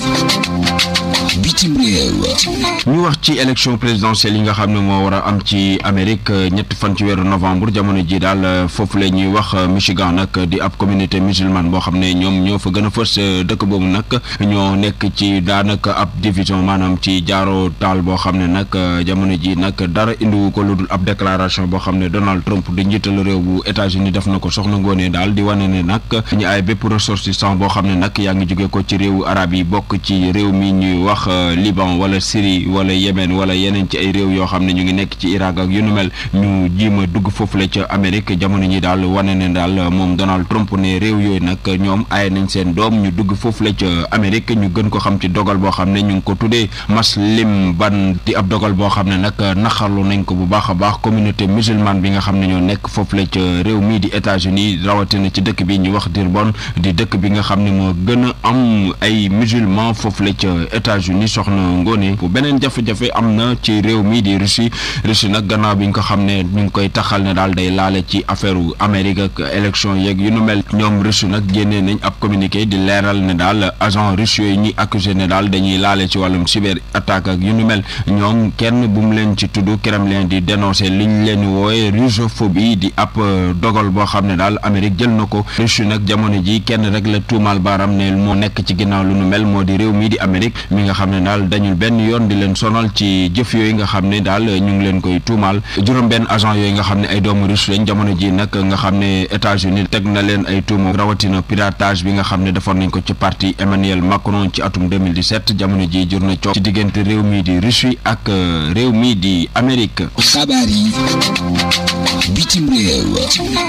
wax ci élection présidentielle yi nga xam ne moo war a am ci Amérique ñett fan ci weeru novembre jamono ji daal foofu la ñuy wax Michigan nag di ab communauté musulmane boo xam ne ñoom ñoo fa gën a fës dëkk boobu ñoom ñoo nekk ci daanaka ab division maanaam ci jaaro taal boo xam ne nag euh, jamono ji nag dara indiwu ko lu dul ab déclaration boo xam ne Donald Trump di njiital réew bu États-Unis def na ko soxna daal di wane ne nag ñu ay bépp ressortissant boo xam ne nag yaa ngi jóge ko ci réewu arab yi bokk ci réew mi ñuy wax euh, Liban wala Syrie wala Yémen wala yeneen ci ay réew yoo xam ne ñu ngi nekk ci Irak ak yu nu mel ñu jiima dugg foofu la ca Amérique jamono ñi daal wane ne daal moom Donald Trump réew yooyu nag ñoom ay nañ seen doom ñu dugg foofu la ca Amérique ñu gën ko xam ci dogal boo xam ne ñu ngi ko tuddee maslim ban di ab dogal boo xam ne nag naxarlu nañ ko bu baax a baax communauté musulmane bi nga xam ne ñoo nekk foofu la ca réew mii di États-Unis rawatina ci dëkk bi ñu wax Durban di dëkk bi nga xam ne moo gën am ay musulman foofu la ca États-Unis soxna Ngoné bu beneen jafe am na ci réew mii di Russie Russie nag gannaaw bi ñu ko xam ne ñu ngi koy taxal ne daal day laale ci affaire Amérique ak élection yeeg yu nu mel ñoom Russie nag génnee nañ ab communiqué di leeral ne daal la agent russe yooyu ñi accusé ne daal dañuy laale ci wàllum cyber attaque ak yu nu mel ñoom kenn bu mu leen ci tudd Kremlin di dénoncé liñ leen wooye russophobie di app euh, dogal boo xam ne daal Amérique jël na ko Russie nag jamono ji kenn rek la tuumaal baaram ne moo nekk ci ginnaaw lu nu mel moo di réew mii di Amérique mi nga xam ne daal dañul benn yoon di leen sonal ci jëf yooyu nga xam ne daal ñu ngi leen koy tuumaal juróom benn agent yooyu nga xam ne ay doomu russe jamono ji nag nga xam ne États-Unis teg na leen ay tuuma rawatina piratage bi nga xam ne defoon nañ ko ci parti di Emmanuel ci atum 2017 jamono ji jur na coow ci diggante réew mi di Russie ak euh, réew mi di Amérique.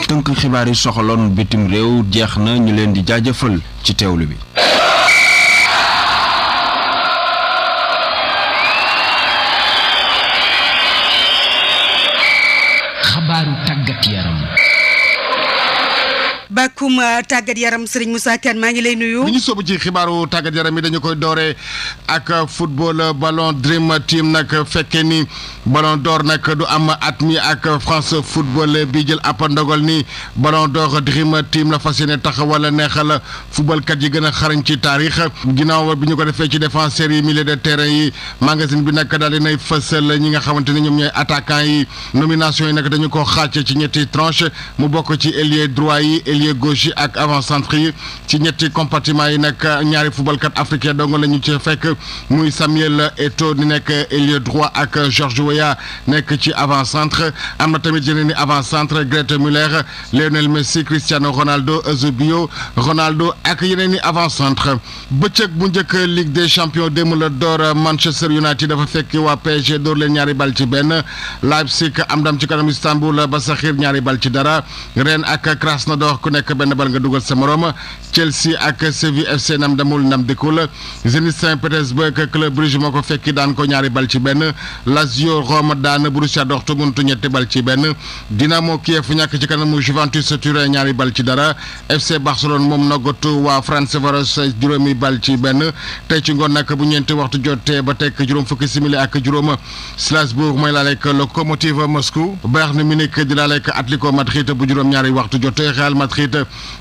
tënk xibaar yi soxaloon bitim réew jeex na ñu leen di jaajëfal ci teewlu bi. bàkkum euh, tàggat yaram Serigne Moussa Kane maa ngi lay nuyu. li ñu sóobu ci xibaaru tàggat yaram yi dañu koy dooree ak football ballon nag fekkee ni ballon d'or nag du am at mi ak France football bi jël ab ndogal ni ballon d'or dream team la fas yéene taxawal neexal footballkat yi gën a xarañ ci taarix ginnaaw bi ñu ko defee ci défenseurs yi milieu de terrain yi magazine bi nag daal di nay ñi nga xamante ni ñoom ñooy attaquants yi nomination yi nag dañu ko xàcce ci ñetti tranche mu bokk ci ailier droit yi ailier gauche yi ak avant centre yi ci ñetti compartiment yi nag ñaari footballkat africain dong la ñu ci fekk muy Samuel Eto'o di nekk ailier droit ak George Weah nekk ci avant centre am na tamit yeneen i avant centre Gerd Müller Lionel Messi Cristiano Ronaldo Eusebio Ronaldo ak yeneen i avant centre bëccëg bu njëkk Ligue des champions démb la door Manchester United dafa fekk waa PSG door leen ñaari bal ci benn Leipzig am ndam ci kanam Istanbul Basaksehir ñaari bal ci dara Rennes ak Krasnodar ku nekk benn bal nga dugal sa morom Chelsea ak Séville FC nam demul nam dikkul Zenit Saint-Pétersbourg club Bruges moo ko fekki daan ko ñaari bal ci benn Lazio Rome daan Borussia Dortmund ñetti bal ci benn Dinamo Kiev ñàkk ci kanamu Juventus Turin ñaari bal ci dara FC Barcelone moom noggatu waa Ferencváros juróomi bal ci benn tey ci ngoon nag bu ñeenti waxtu jotee ba teg juróom fukki simili ak juróom Strasbourg mooy laa lekk Lokomotiv Moscou it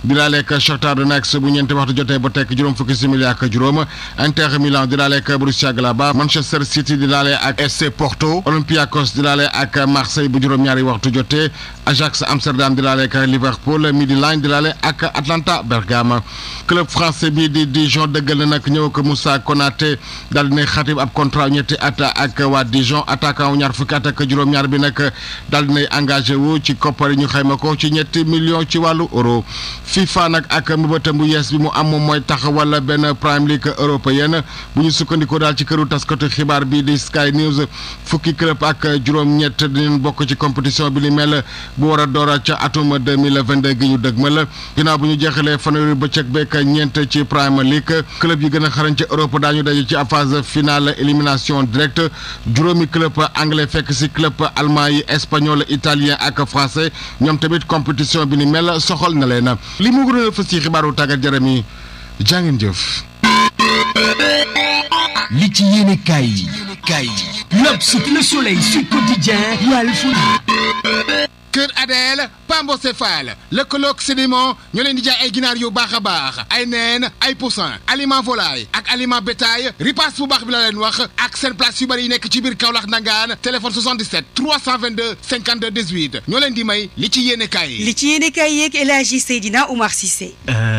di laaleeg Shakhtar Donetsk bu ñeenti waxtu jotee ba tekk juróom fukki simili ak juróom Inter Milan di laaleeg Borussia Gladbach Manchester City di laale ak SC Porto Olympiakos di laale ak Marseille bu juróom-ñaari waxtu jotee Ajax Amsterdam di Liverpool Midtjylland di laale Atlanta Bergame club français bi di Dijon dëggal na nag ñëw ko Moussa Konaté daal dina xatib ab contrat ñetti at ak waa Dijon attaquant ñaar fukki at juróom-ñaar bi nag daal dinay engagé ci Ndakaaru FIFA nag ak mbëbëtam bu yees bi mu am moom mooy taxawal benn Premier League européenne bu ñu sukkandikoo daal ci këru taskatu xibaar bi di Sky News fukki club ak juróom-ñett dinañ bokk ci compétition bi li mel bu war a door ca atum 2022 gi ñu dëgmal ginnaaw bu ñu jeexalee fanweeri bëccëg beek ñeent ci Premier League club yi gën a xarañ ci Europe daañu daje ci phase finale élimination directe juróomi club anglais fekk si club allemand yi espagnol italien ak français ñoom tamit compétition bi ni mel soxal na li mu gënoon a fës ci xibaaru tàggat yaram yi jëf. li ci yéene kaay yi kaay yi. L'Obs, Le Soleil, Sud Quotidien, Walf Kër Adel Pambocéphale lëkkaloog sédiment ñoo leen di jaay ay ginaar yu baax a baax ay neen ay poussin aliment volaille ak aliment bétail ripaas bu baax bi la leen wax ak seen place yu bëri yi nekk ci biir Kaolack Ndangaan téléphone 77 322 leen di may li ci yéene kaay yi. li ci yéene kaay yeeg Seydina Oumar Cissé. Euh,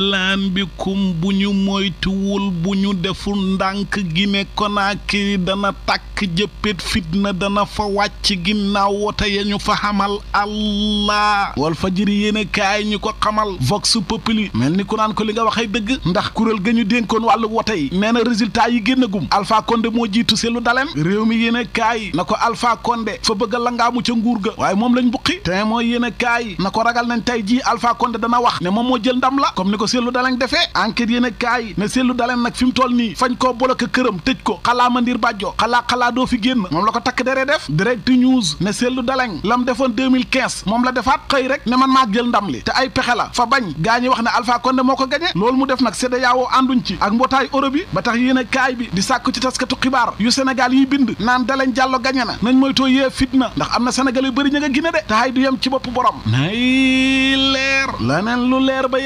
laan bikum bu ñu moytuwul bu ñu deful ndànk gi Gine Konaakiri dana tàkk jëppét fitna dana fa wàcc ginnaaw wote ya ñu fa xamal allah wal fajiri yéen kaay ñu ko xamal vox populi mel ni ku naan ko li nga waxee dëgg ndax kuréel ga ñu dénkoon wàllu wote yi nee na résultat yi génnagum Alpha Condé moo jiitu seelu dalem réew mi yéen kaay na ko Alpha konde fa bëgga a langaamu ca nguur ga waaye moom lañ buqi te mooy yéen kaay na ko ragal nañ tey jii Alpha Condé dana wax ne moom moo jël ndam Cellou Dalein defee enquête yéen a kaay ne Cellou Dalein nag fi nii fañ koo bloqué këram tëj ko xalaa mandir bàjjo xalaa xalaa doo fi génn moom la ko takk deree def direct news ne Cellou Dalein lam defoon moom la defaat xëy rek ne man maa jël ndam li te ay pexe la fa bañ gaa wax ne Alpha Condé moo ko gañe loolu mu def nag CEDEAO ànduñ ci ak mbootaay Europe bi ba tax yéen a kaay bi di sàkku ci taskatu xibaar yu Sénégal yiy bind naan Dalein Diallo gañe na nañ moytoo yee fitna ndax am na Sénégal yu de te hay du yem ci bopp borom nay leer laneen lu leer ba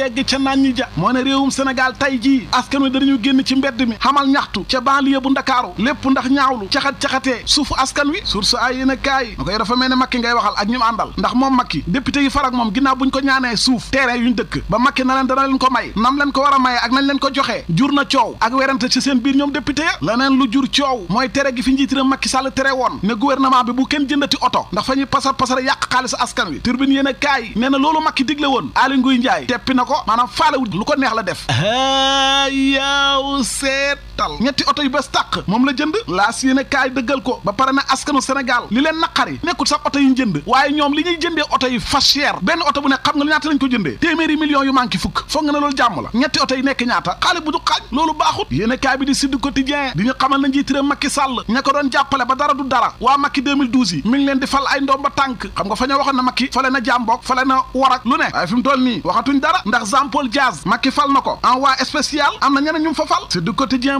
Dia moo ne réewum Sénégal tey jii askan wi dañu génn ci mbedd mi xamal ñaxtu ca banlieue bu Ndakaaru lépp ndax ñaawlu caxat-caxatee suufu askan wi source ay yéen a kaay ma koy dafa mel ne Macky ngay waxal ak ñim ndax moom Macky député yi farak moom ginnaaw buñ ko ñaanee suuf terrain yuñ dëkk ba Macky na leen dana leen ko may nam leen ko war a ak nañ leen ko joxee jur na coow ak werante ci seen biir ñoom député ya laneen lu jur coow mooy tere gi fi njiitiram Macky Sall bi bu kenn jëndati oto ndax fa ñuy pasar pasar yàq xaalisu askan wi turbine yéen a kaay nee na loolu Macky digle woon lu ko neex la def. ah yow seet. tal ñetti oto yu bees moom la jënd laas yéene kaay dëggal ko ba pare na askanu Sénégal li leen naqari nekkul sax oto yu ñu jënd waaye ñoom li ñuy jëndee oto yu fas cher benn oto bu ne xam nga ñaata lañ ko jëndee téeméeri millions yu manqué fukk foog nga ne loolu la ñetti oto yi nekk ñaata xaalis bu du xaaj loolu baaxut yéene bi di Sud Quotidien di ñu xamal na njiit réew Sall ña doon jàppale ba dara du dara waa Macky 2012 leen di fal ay ndoom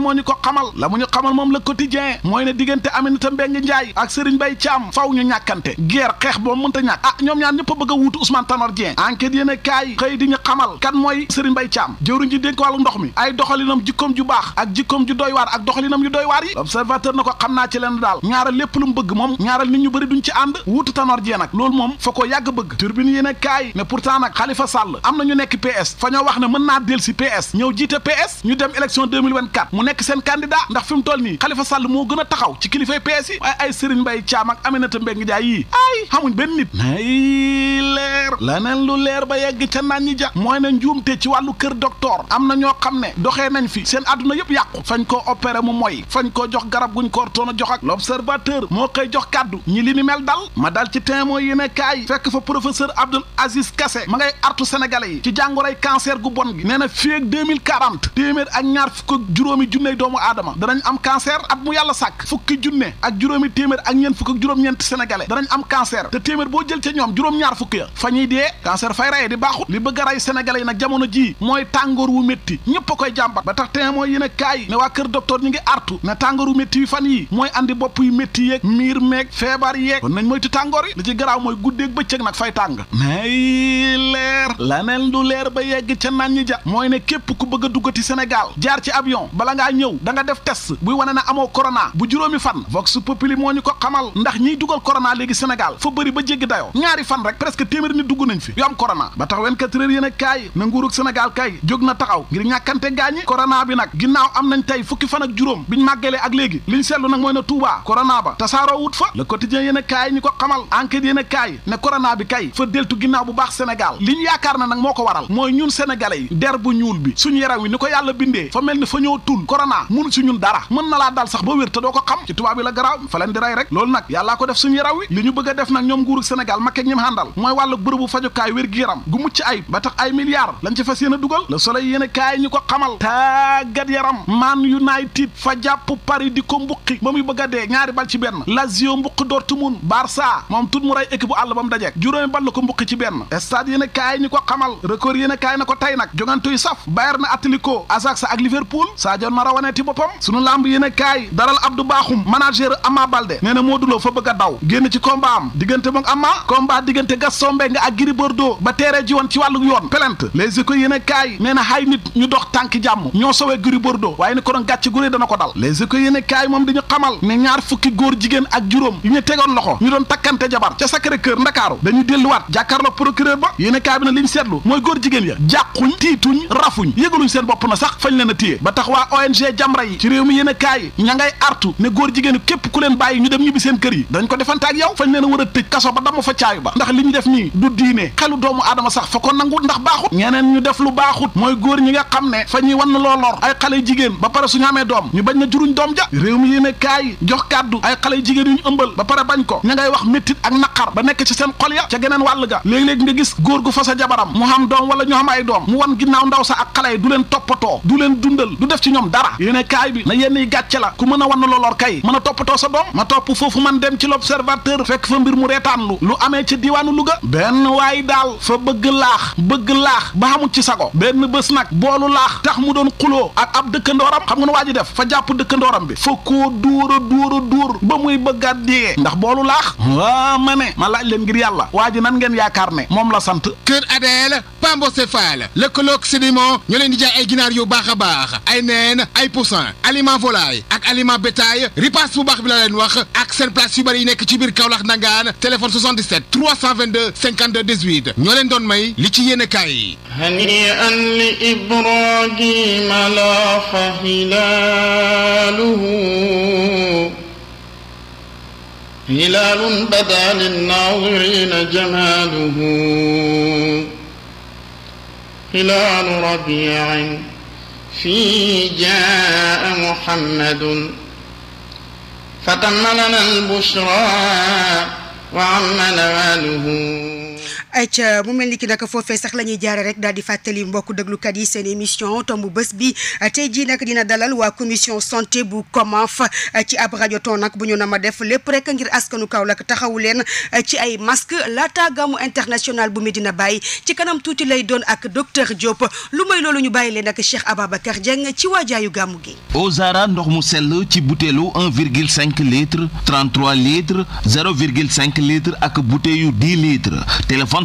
moo ñu ko xamal la mu ñu xamal moom le quotidien mooy ne diggante Aminata Mbengue Ndiaye ak Serigne bay Thiam faw ñu ñàkkante guerre xeex boobu mënta ñàkk ah ñoom ñaar ñëpp a bëgg a wuutu Ousmane Tanor Dieng enquête yéen a kaay xëy di ñu xamal kan mooy Serigne Mbaye Thiam jëwriñ ji dénk wàllu ndox mi ay doxalinam jikkoom ju baax ak jikkoom ju doy waar ak doxalinam yu doy waar yi observateur na ko xam naa ci leen daal ñaaral lépp lu mu bëgg moom ñaaral nit ñu bëri duñ ci ànd wuutu Tanor Dieng nag loolu moom fa ko yàgg bëgg turbine yéen a kaay ne pourtant nag ñu nekk wax ne mën naa del si PS ñëw jiite PS ñu dem élection 2024 nekk seen ndax fi mu toll nii kalifa sàll moo gën a taxaw ci kilifay PS yi waaye ay Serigne Mbaye Thiam ak Aminata Mbengue Ndiaye yii ay xamuñ benn nit nay leer laneen lu leer ba yegg ca naan ñi ja mooy ne njuumte ci wàllu kër docteur am na ñoo xam ne doxee nañ fi seen àdduna yëpp yàqu fañ koo opéré mu mooy fañ koo jox garab guñ koortoon a jox ak l'observateur moo koy jox kàddu ñi li ni mel dal ma dal ci témoin yi ne kaay fekk fa professeur Abdoul Aziz kase ma ngay artu sénégalais yi ci jàngoroy cancer gu bon gi nee na fii ak 2040 téeméer ak ñaar fukk juróomi junni junney doomu aadama danañ am cancer at mu yàlla sàkk fukki junne ak juróomi téeméer ak ñeent fukk ak juróom-ñeent sénégalais danañ am cancer te téeméer boo jël ca ñoom juróom-ñaar fukk ya fa ñuy dee cancer fay rayee di baaxut li bëgg a ray sénégalais yi nag jamono jii mooy tàngoor wu métti ñëpp a koy jàmbat ba tax tee mooy yéen kaay ne waa kër docteur ñu ngi artu ne tàngoor wu métti yi fan yi mooy andi bopp yu métti yeeg miir meeg feebar yeeg kon nañ moytu tàngoor yi li ci garaaw mooy guddeeg bëccëg nag fay tàng nay leer laneen du leer ba yegg ca naan ñi ja mooy ne képp ku bëgg duggati sénégal jaar ci avion bala ñëw da nga def test buy wane ne amoo corona bu juróomi fan vox populi moo ñu ko xamal ndax ñiy dugal corona léegi Sénégal fa bëri ba jéggi dayoo ñaari fan rek presque téeméer ni dugg nañ fi yu am corona ba tax 24 heures yéen a kaay na nguurug Sénégal kay jóg na taxaw ngir ñàkkante gaañi corona bi nag ginnaaw am nañ tey fukki fan ak juróom biñ màggalee ak léegi liñ seetlu nag mooy na Touba corona ba tasaaroo wut fa le quotidien yéen a kaay ñu ko xamal enquête yéen a kaay ne corona corona mënu ci ñun dara mën na laa dal sax ba wér te doo ko xam ci tubaab yi la garaaw fa leen di rey rek loolu nag yàllaa ko def suñu yaraw li ñu bëgg a def nag ñoom nguuru Sénégal makkeeg ñim hàndal mooy wàllu bërëbu fajukaay wér gi yaram gu mucc ay ba ay milliards lañ ci fas yéen a dugal le soleil yéen a kaay ko xamal tàggat yaram man United fa jàpp Paris di ko mbuqi ba muy bëgg a dee ñaari bal ci benn la mbuqi Dortmund Barça moom tut mu rey équipe bu àll ba mu dajeek juróomi la ko mbuqi ci benn stade yéen a kaay ñu ko xamal record yéen a kaay ko tey nag jongante yu saf Bayern na Atlético Ajax ak waneti boppam sunu lamb yéen a kaay daral Abdou Bakhoum manager Ama Balde nee na Modou Lo fa bëgg a daw génn ci combat am diggante moom Ama combat diggante Gaston Mbengue ak Gris Bordeaux ba teere ji woon ci wàllu yoon plainte Les Échos yéen a kaay nee na xay nit ñu dox tànk jàmm ñoo sowee Gris Bordeaux waaye ni ko doon gàcce gurée dana ko dal Les Échos yéen a kaay moom dañu xamal ne ñaar fukki góor jigéen ak juróom yi ñu tegoon loxo ñu doon takkante jabar ca Sacré-Cœur Ndakaaru dañu delluwaat jàkkaarloo procureur ba yéen a na li ñu seetlu mooy góor jigéen ya jàquñ tiituñ rafuñ yëgaluñ seen bopp na sax fañ leen a téye ba tax waa ONG DG Jamra yi ci réew mi yéen a kaay ña ngay artu ne góor jigéen képp ku leen bàyyi ñu dem ñibbi seen kër yi dañ ko defante ak yow fañ leen a war a tëj kaso ba damm fa caayu ba ndax li ñu def nii du diine xelu doomu aadama sax fa ko nangut ndax baaxut ñeneen ñu def lu baaxut mooy góor ñi nga xam ne fa ñuy wan loo lor ay xale jigéen ba pare suñu amee doom ñu bañ na juruñ doom ja réew mi yéen a kaay jox kàddu ay xale jigéen yu ñu ëmbal ba pare bañ ko ña ngay wax méttit ak naqar ba nekk ci seen xol ya ca geneen wàll ga léeg-léeg nga gis góor gu fa sa jabaram mu xam doom wala ñu xam ay doom mu wan ginnaaw ndaw sa ak xale yi du leen toppatoo du leen dundal du def ci ñoom dara yéen kaay bi na yenn yi gàcce la ku mën a wann looloor kay mën a toppatoo sa doom ma topp foofu man dem ci l'observateur fekk fa mbir mu reetaanlu lu amee ca diiwaanu Louga benn waaye daal fa bëgg laax bëgg laax ba xamul ci sago benn bës nag boolu laax tax mu doon xuloo ak ab dëkkandooram xam nga nu waa ji def fa jàpp dëkkandooram bi fa koo dóor a dóor ba muy bëgg a ndax boolu laax waa ma ne ma laaj leen ngir yàlla waa ji nan ngeen yaakaar ne moom la sant kër Adel Pambo Céphale lëkkaloog Sédimon ñoo leen di jaay ay ginaar yu baax a baax ay neen ay poussin aliment volaille ak aliment bétail ripaas bu baax bi la wax ak seen place yu bëri yi nekk ci biir Kaolack nangaan téléphone 77 322 52 18 ñoo leen doon may li ci yéene kaay yi hani'an li Ibrahima laaqa hilaaluhu هلال بدا للناظرين جماله هلال ربيع فيه جاء محمد فتم لنا البشرى وعم نواله ay ayca mu mel ni ki nag foofee sax la ñuy jaare rek daal di fàttali mbokku déglukat yi seen émission tombu bés bi tey jii nag dina dalal waa commission santé bu COMAF ci ab rajoton nag bu ñu na ma def lépp rek ngir askanu Kaolack taxawu leen ci ay masque laata gàmmu international bu Medina bàyyi ci kanam tuuti lay doon ak docteur Diop lu may loolu ñu bàyyi leen ak Cheikh Ababacar Dieng ci waajaayu gàmmu gi. Ozara ndox mu sell ci butéelu 1,5 litre 33 litres 0,5 litre ak butéeyu 10 litres téléphone.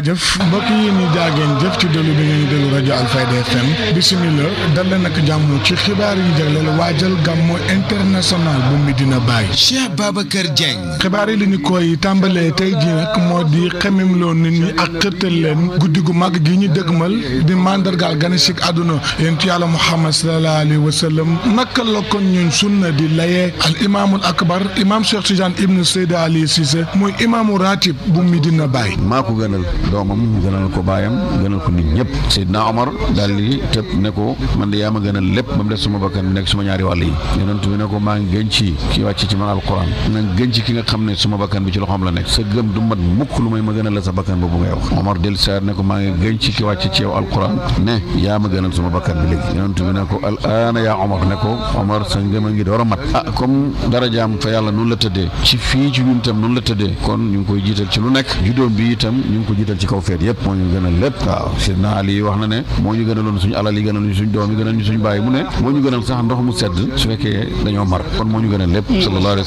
jaajëf mbokk yi ñu jaageen jëf ci déglu bi ngeen déglu rajo Alfayda FM bisimilah dal leen ak ci xibaar yi jagleel waajal gàmmu international bu Medina Baye. Cheikh Babacar Dieng. xibaar yi li ñu koy tàmbalee tey ji nag moo di xemimloo nit ñi ak xëttal leen guddi gu mag gi ñu dëgmal di mandargaal gan si àdduna yonent Yàlla Muhammad sallallahu alayhi wa sallam naka la kon ñun sunna di layee al imaamul akbar imaam Cheikh Tidiane ibnu Seyda Ali Cissé mooy imaamu ratib doomam gënal ko baayam gënal ko nit ñëpp Seydina Omar daal di tëb ne ko man de yaa ma gënal lépp ba mu def suma bakkan bi nekk suma ñaari wàll yi yonent ne ko maa ngi gën ci ki wàcc ci man ne la nekk yaa ma gënal suma bakkan bi léegi yonent ne ko al aana yaa Omar ne ko Omar sa ngëm a ngi door a mat ah comme darajaam fa yàlla noonu la tëddee ci fii ci ñun noonu la tëddee kon ñu ngi koy jiital ci lu nekk judóom bi itam ñu ngi ko jiital ci kaw feet yëpp moo ñu gënal lépp waaw Seydina Ali wax na ne moo ñu gënaloon suñu alal yi gënal ñu suñu doom yi gënal ñu suñu bàyyi mu ne moo ñu gënal sax ndox mu sedd su fekkee dañoo mar kon moo ñu gënal lépp mm. sallallahu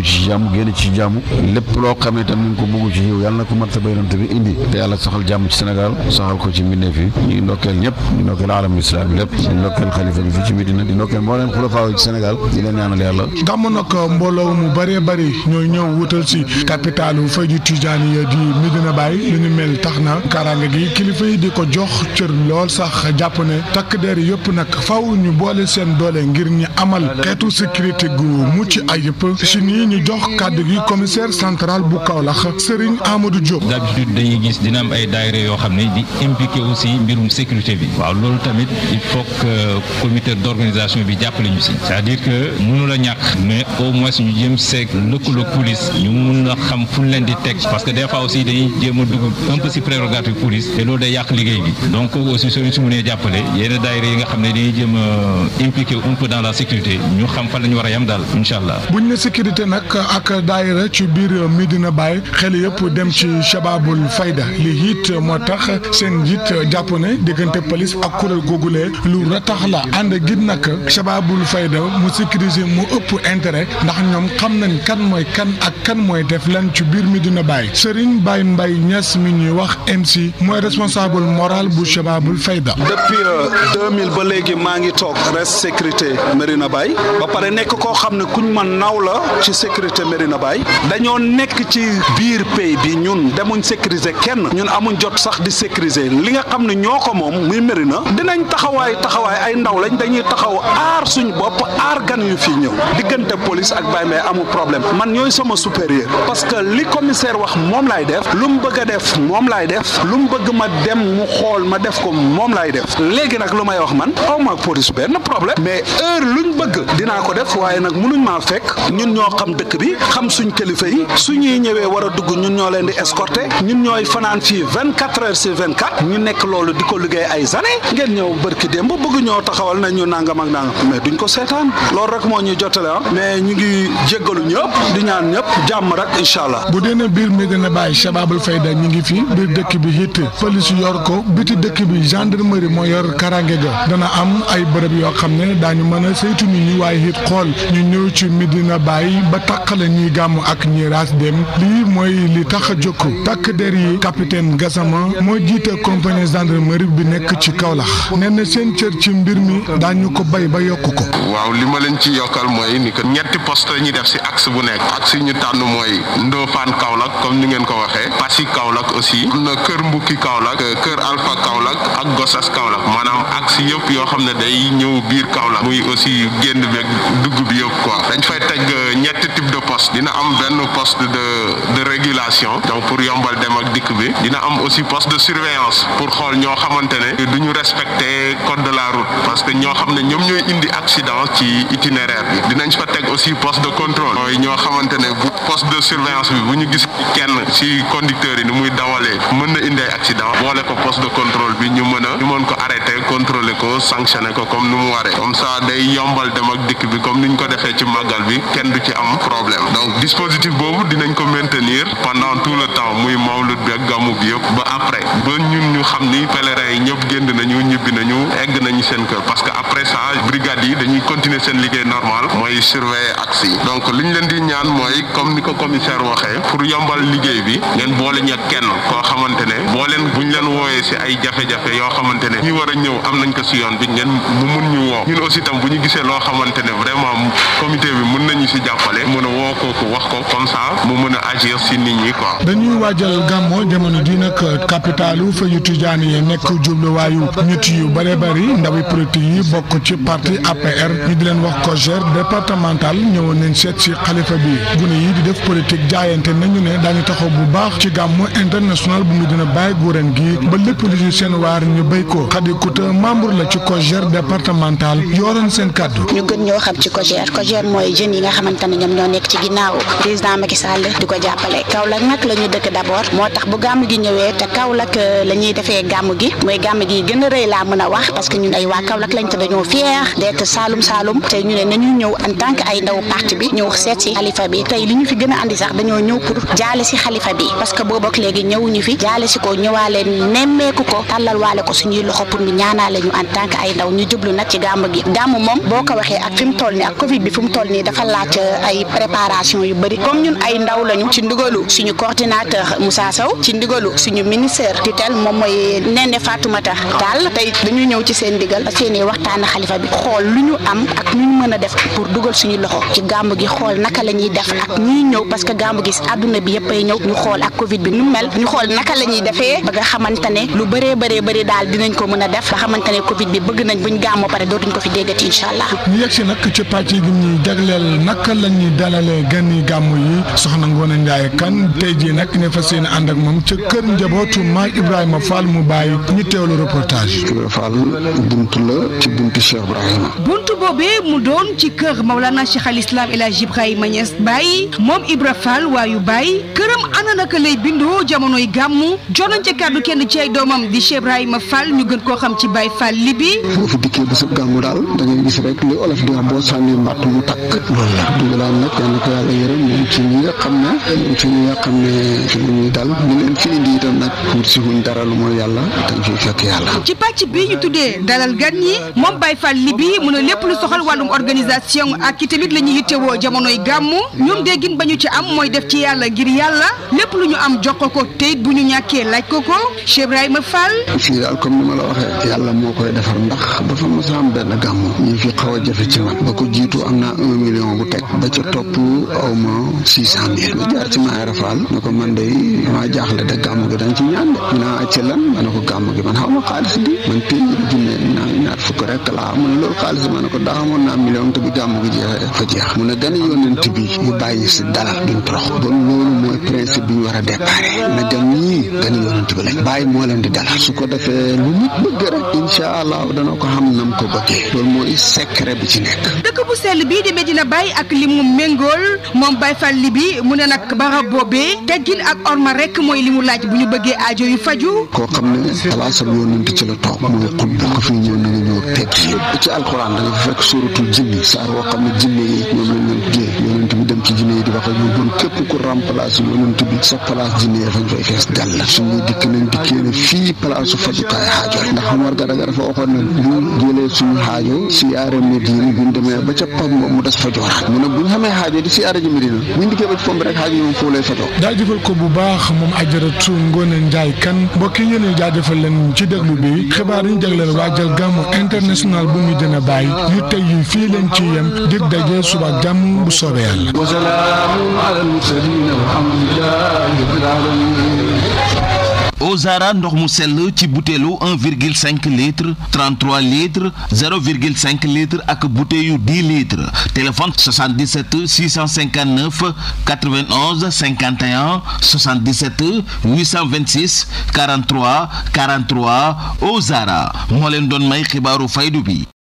jàmm ci jàmm lépp ko bëgg ci yiw yàlla na ko sa baynante ci Sénégal soxal ko ci ñu ngi ndokkeel ñëpp ñu ndokkeel xalifa bi fii ci Medina di ndokkeel mbooleem xulafaa yi ci Sénégal di leen ñaanal yàlla gàmm nag mbooloo mu bëree bëri ñooy ñëw wutal si capitalu faydu tijaani ya di Medina Baye li ñu mel tax na kaaraange gi kilifa yi di ko jox cër lool sax jàpp ne takk der yëpp nag faw ñu boole seen doole ngir ñu amal xeetu sécurité gu mucc ayib si nii ñu jox kàddu gi commissaire central bu lax Serigne amadu Diop. d'habitude dañuy gis dina am ay daayira yoo xam ne di impliqué aussi mbirum sécurité bi waaw loolu tamit il faut que comité d'organisation bi jàppale ñu si c'est-à-dire que mënu la police ñu mun a xam fu ñu leen di teg parce que des fois aussi dañuy jéem a dugg un peu si prérogative police te loolu day yàq liggéey bi donc aussi soo ñu jàppale yenn daayira yi nga xam ne dañuy jéem a impliqué un dans la sécurité ñu xam fan la ñu war a yem daal incha allah. buñ ne sécurité nag ak daayira ci biir Medina Baye xel yëpp dem ci Shababul Fayda lii it moo tax seen it jàpp ne diggante police ak kuréel googulee lu ratax la ànd gi nag Shababul Fayda mu sécuriser mu ëpp intérêt ndax ñoom xam nañ kan mooy kan ak kan mooy def lan ci biir Medina Baye Serigne Baye mbay Niass mi ñuy wax MC mooy responsable moral bu Shababul Fayda. depuis 2000 euh, ba léegi maa ngi toog res sécurité Medina Baye ba pare nekk koo xam ne kuñ ma naw la ci sécurité Medina baay dañoo nekk ci biir pays bi ñun demuñ sécuriser kenn ñun amuñ jot sax di sécuriser li nga xam ne ñoo ko moom muy Medina dinañ taxawaay taxawaay ay ndaw lañ dañuy taxaw aar suñ bopp aar gan yu fi ñëw diggante police ak Baye sama supérieur parce que li commissaire wax moom laay def lu mu bëgg a def moom laay def lu mu bëgg ma dem mu xool ma def ko moom laay def léegi nag lu may wax man aw ma police benn problème mais heure luñ bëgg dinaa ko def waaye nag munuñ maa fekk ñun ñoo xam dëkk bi xam suñ kilifa yi suñuy ñëwee war a dugg ñun ñoo leen di escorter ñun ñooy fanaan fii vingt quatre heures sur vingt quatre ñu nekk loolu di ko liggéey ay années ngeen ñëw bërki démb bëgg ñoo taxawal na ñu nangam ak nangam ah. ñu ngi jéggalu ñëpp di ñaan ñëpp ñëpp jàmm rek incha allah. bu dee ne biir Medina Baye Chababul Fayda ñu ngi fi biir dëkk bi it police yor ko biti dëkk bi gendarmerie moo yor karange ga dana am ay bërëb yoo xam ne daañu mën a saytu nit waaye it xool ñu ñëw ci Medina Baye ba taqale ñuy gàmm ak ñi raas dem lii mooy li tax a takk der yi capitaine Gassama moo jiite compagnie gendarmerie bi nekk ci Kaolack nee na seen cër ci mbir mi daañu ko bay ba yokk ko. waaw li ma leen ci yokkal mooy ni que ñetti poste ñu def si axe bu nekk ñu tànn mooy Ndofane Kaolack comme ni ngeen ko waxee Passy Kaolack aussi am na Kër Mbukki Kaolack euh, Kër Alpha Kaolack ak Gossas Kaolack maanaam axe yëpp yoo xam ne day ñëw biir Kaolack muy aussi génn beeg dugg bi yëpp quoi dañ fay teg euh, ñetti type de poste dina am benn poste de de régulation donc pour yombal dem ak dikk bi dina am aussi poste de surveillance pour xool ñoo xamante ne du ñu respecter code de la route parce que ñoo xam ne ñoom ñooy indi accident ci itinéraire bu poste de surveillance bi bu ñu gis kenn ci conducteurs yi ni muy dawalee mën na indi ay accident boole ko poste de contrôle bi ñu mën a ñu mën ko arrêter contrôler ko sanctionner ko comme nu mu waree comme ça day yombal dem ak dikk bi comme ni ñu ko defee ci màggal bi kenn du ci am problème donc dispositif boobu dinañ ko maintenir pendant tout le temps muy mawlud bi ak gàmmu bi yëpp ba après ba ñun ñu xam ni pèlerins yi ñëpp génn nañu ñibbi nañu egg nañu seen brigades yi dañuy continuer seen liggéey normal mooy surveiller axe yi donc li ñu leen di ñaan mooy comme ni ko commissaire waxee pour yombal liggéey bi ngeen boole ñu kenn koo xamante ne boo leen leen wooyee si ay jafe-jafe yoo xamante ne ñu a ñëw am nañ ko si yoon bi ngeen mu mun ñu woo ñun aussi tam bu ñu gisee loo xamante ne vraiment comité bi mun nañu si jàppale mun a woo kooku wax ko comme ça mu mun a agir si nit ñi quoi. dañuy waajal gàmmo jamono ji APR ñu di leen wax COJER départemental ñëwoon nañ seet si xalifa bi gune yi di def politique jaayante nañu ne daañu taxaw bu baax ci gàmmu international bu mu dina bàyyi góorén gi ba lépp lu ñu seen waar ñu béy ko Khady Kouta membre la ci COJER départemental yoroon seen kàddu. ñu gën ñoo xam ci COJER COJER mooy jeunes yi nga xamante ne ñoom ñoo nekk ci ginnaaw président Macky Sall di ko jàppale Kaolack nag la dëkk d'abord moo tax bu gàmm gi ñëwee te Kaolack euh, la ñuy defee gàmm gi mooy gàmm gi gën a rëy laa mën a wax ñun ay nekk Saalum Saalum tey ñu ne nañu ñëw en tant que ay ndaw parti bi ñëw seet si xalifa bi tey li ñu fi gën a andi sax dañoo ñëw pour jaale si xalifa bi parce que boobu léegi ñëw ñu fi jaale si ko ñëwaale nemmeeku ko tàllal waale ko suñuy loxo pour ñu ñaanaale ñu en tant que ay ndaw ñu jublu nag ci gàmb gi gàmb moom boo ko waxee ak fi mu toll nii ak Covid bi fi mu toll nii dafa laaj euh, ay préparation yu bëri comme ñun ay ndaw lañu ci ndigalu suñu coordinateur Moussa Sow ci ndigalu suñu ministère tutelle moom mooy Néné Fatoumata Tall tey dañu ñëw ci seen ndigal seen waxtaan xalifa bi xool lu ñu am ak ñu mën a def pour dugal suñu loxo ci gàmmu gi xool naka la ñuy def ak ñuy ñëw parce que gàmmu gi àdduna bi yëppay ñëw ñu xool ak Covid bi nu mel ñu xool naka la ñuy defee ba xamante ne lu bëree bëree bëri daal dinañ ko mën a def ba xamante ne Covid bi bëgg nañ buñ gàmmu pare dootuñ ko fi déggati incha allah. ñu yegg si nag ci pàcc bi ñuy jagleel naka la ñuy dalalee gani gàmmu yi soxna Ngoné Ndiaye Kane tey jii nag ne fas yéene ànd ak moom ca kër njabootu Maam Ibrahima Fall mu bàyyi ñu teewlu reportage. Fall buntu la ci buntu Cheikh buntu boobee mu doon ci kër Maulana Cheikh al Islam El Hadj Ibrahima Niass Baye moom Ibra Fall waayu Baye këram ana naka lay bindoo jamonoy gàmmu jonoon ca kàddu kenn ci ay doomam di Cheikh ma Fall ñu gën koo xam ci Baye Fall li bi foofu dikkee bisu gàmmu daal da ngay gis rek li olof di wax boo sànni mbàtt mu takk loolu la dugg daal nag yàlla ko yàlla yërëm ñu ci ñi nga xam ne ci ñi nga xam ne dal ñu leen fi indi itam nag pour si wuñ dara lu mooy yàlla dañ yi mu ne lépp lu soxal wàllum organisation ak i tamit la ñuy yittewoo jamonoy gàmmu ñoom déggin ba ñu ci am mooy def ci yàlla ngir yàlla lépp lu ñu am jox ko ko teyit bu ñu ñàkkee laaj ko ko Cheikh Ibrahima Fall. yàlla moo koy defar ndax dafa mos a am benn gàmmu ñu fi xaw a jafe ci man ba am naa million bu teg ba ca topp aw ma six cent mille ma jaar ko man de maa jaaxle de gàmmu gi dañ ci ñaan de naa ah ci lan ma ne ko gàmmu gi man xaw xaalis bi man téeméeri junne ñaar fukk rek laa man loolu xaalis ma ko daa xamoon naa million te bu gàmm gi jeexee fa jeex mu ne gën a yónnent bi mu bàyyi si dara duñ torox bon loolu mooy principe bi ñu war a déparé na dem ñii gën a yónnent bi lañ bàyyi di dara su ko defee lu nit bëgg rek ko xam ko bëggee loolu mooy secret bi ci nekk. dëkk bu sell bii li mu méngool moom Baye Fall li bi mu ne nag barab te teggin ak orma rek mooy li mu laaj bu ñu bëggee aajo yu faju koo xam ne palaasam yónnent ci la toog mooy xutba ko fi ñëw nañu ñëw teggin alxuraan da nga fa fekk sóoratul jinni saar woo xam jinne yi ñoom dem ci jinne sa place jinne yi fañ fay fees dal la suñuy dikk nañ dikkee ne fii place su fajukaay xaajo la ndax Omar Gadaga dafa waxoon ne bu jëlee suñu xaajo siyaare Medine buñ demee ba ca pam mu des fajooraat mu ne buñ xamee xaajo di siyaare ji Medina buñ ba ci pam bi rek xaajo yi moom foofu lay fajoo jaajëfal ko bu baax moom ajaratu Ngoone Njaay kan mbokk yi yéen leen ci déglu bi xibaar yi ñu waajal gàmmu international bu muy dina bàyyi ñu tey yi fii leen ci yem dig daje suba jàmm bu soobee yàlla mu وسلام على المرسلين والحمد لله رب العالمين Ozara ndox mu sell ci butéelu 1,5 litre 33 litres 0,5 litre ak butéeyu 10 litres téléphone 77 659 91 51 77 826 43 43 Ozara moo leen doon may xibaaru faydu bi.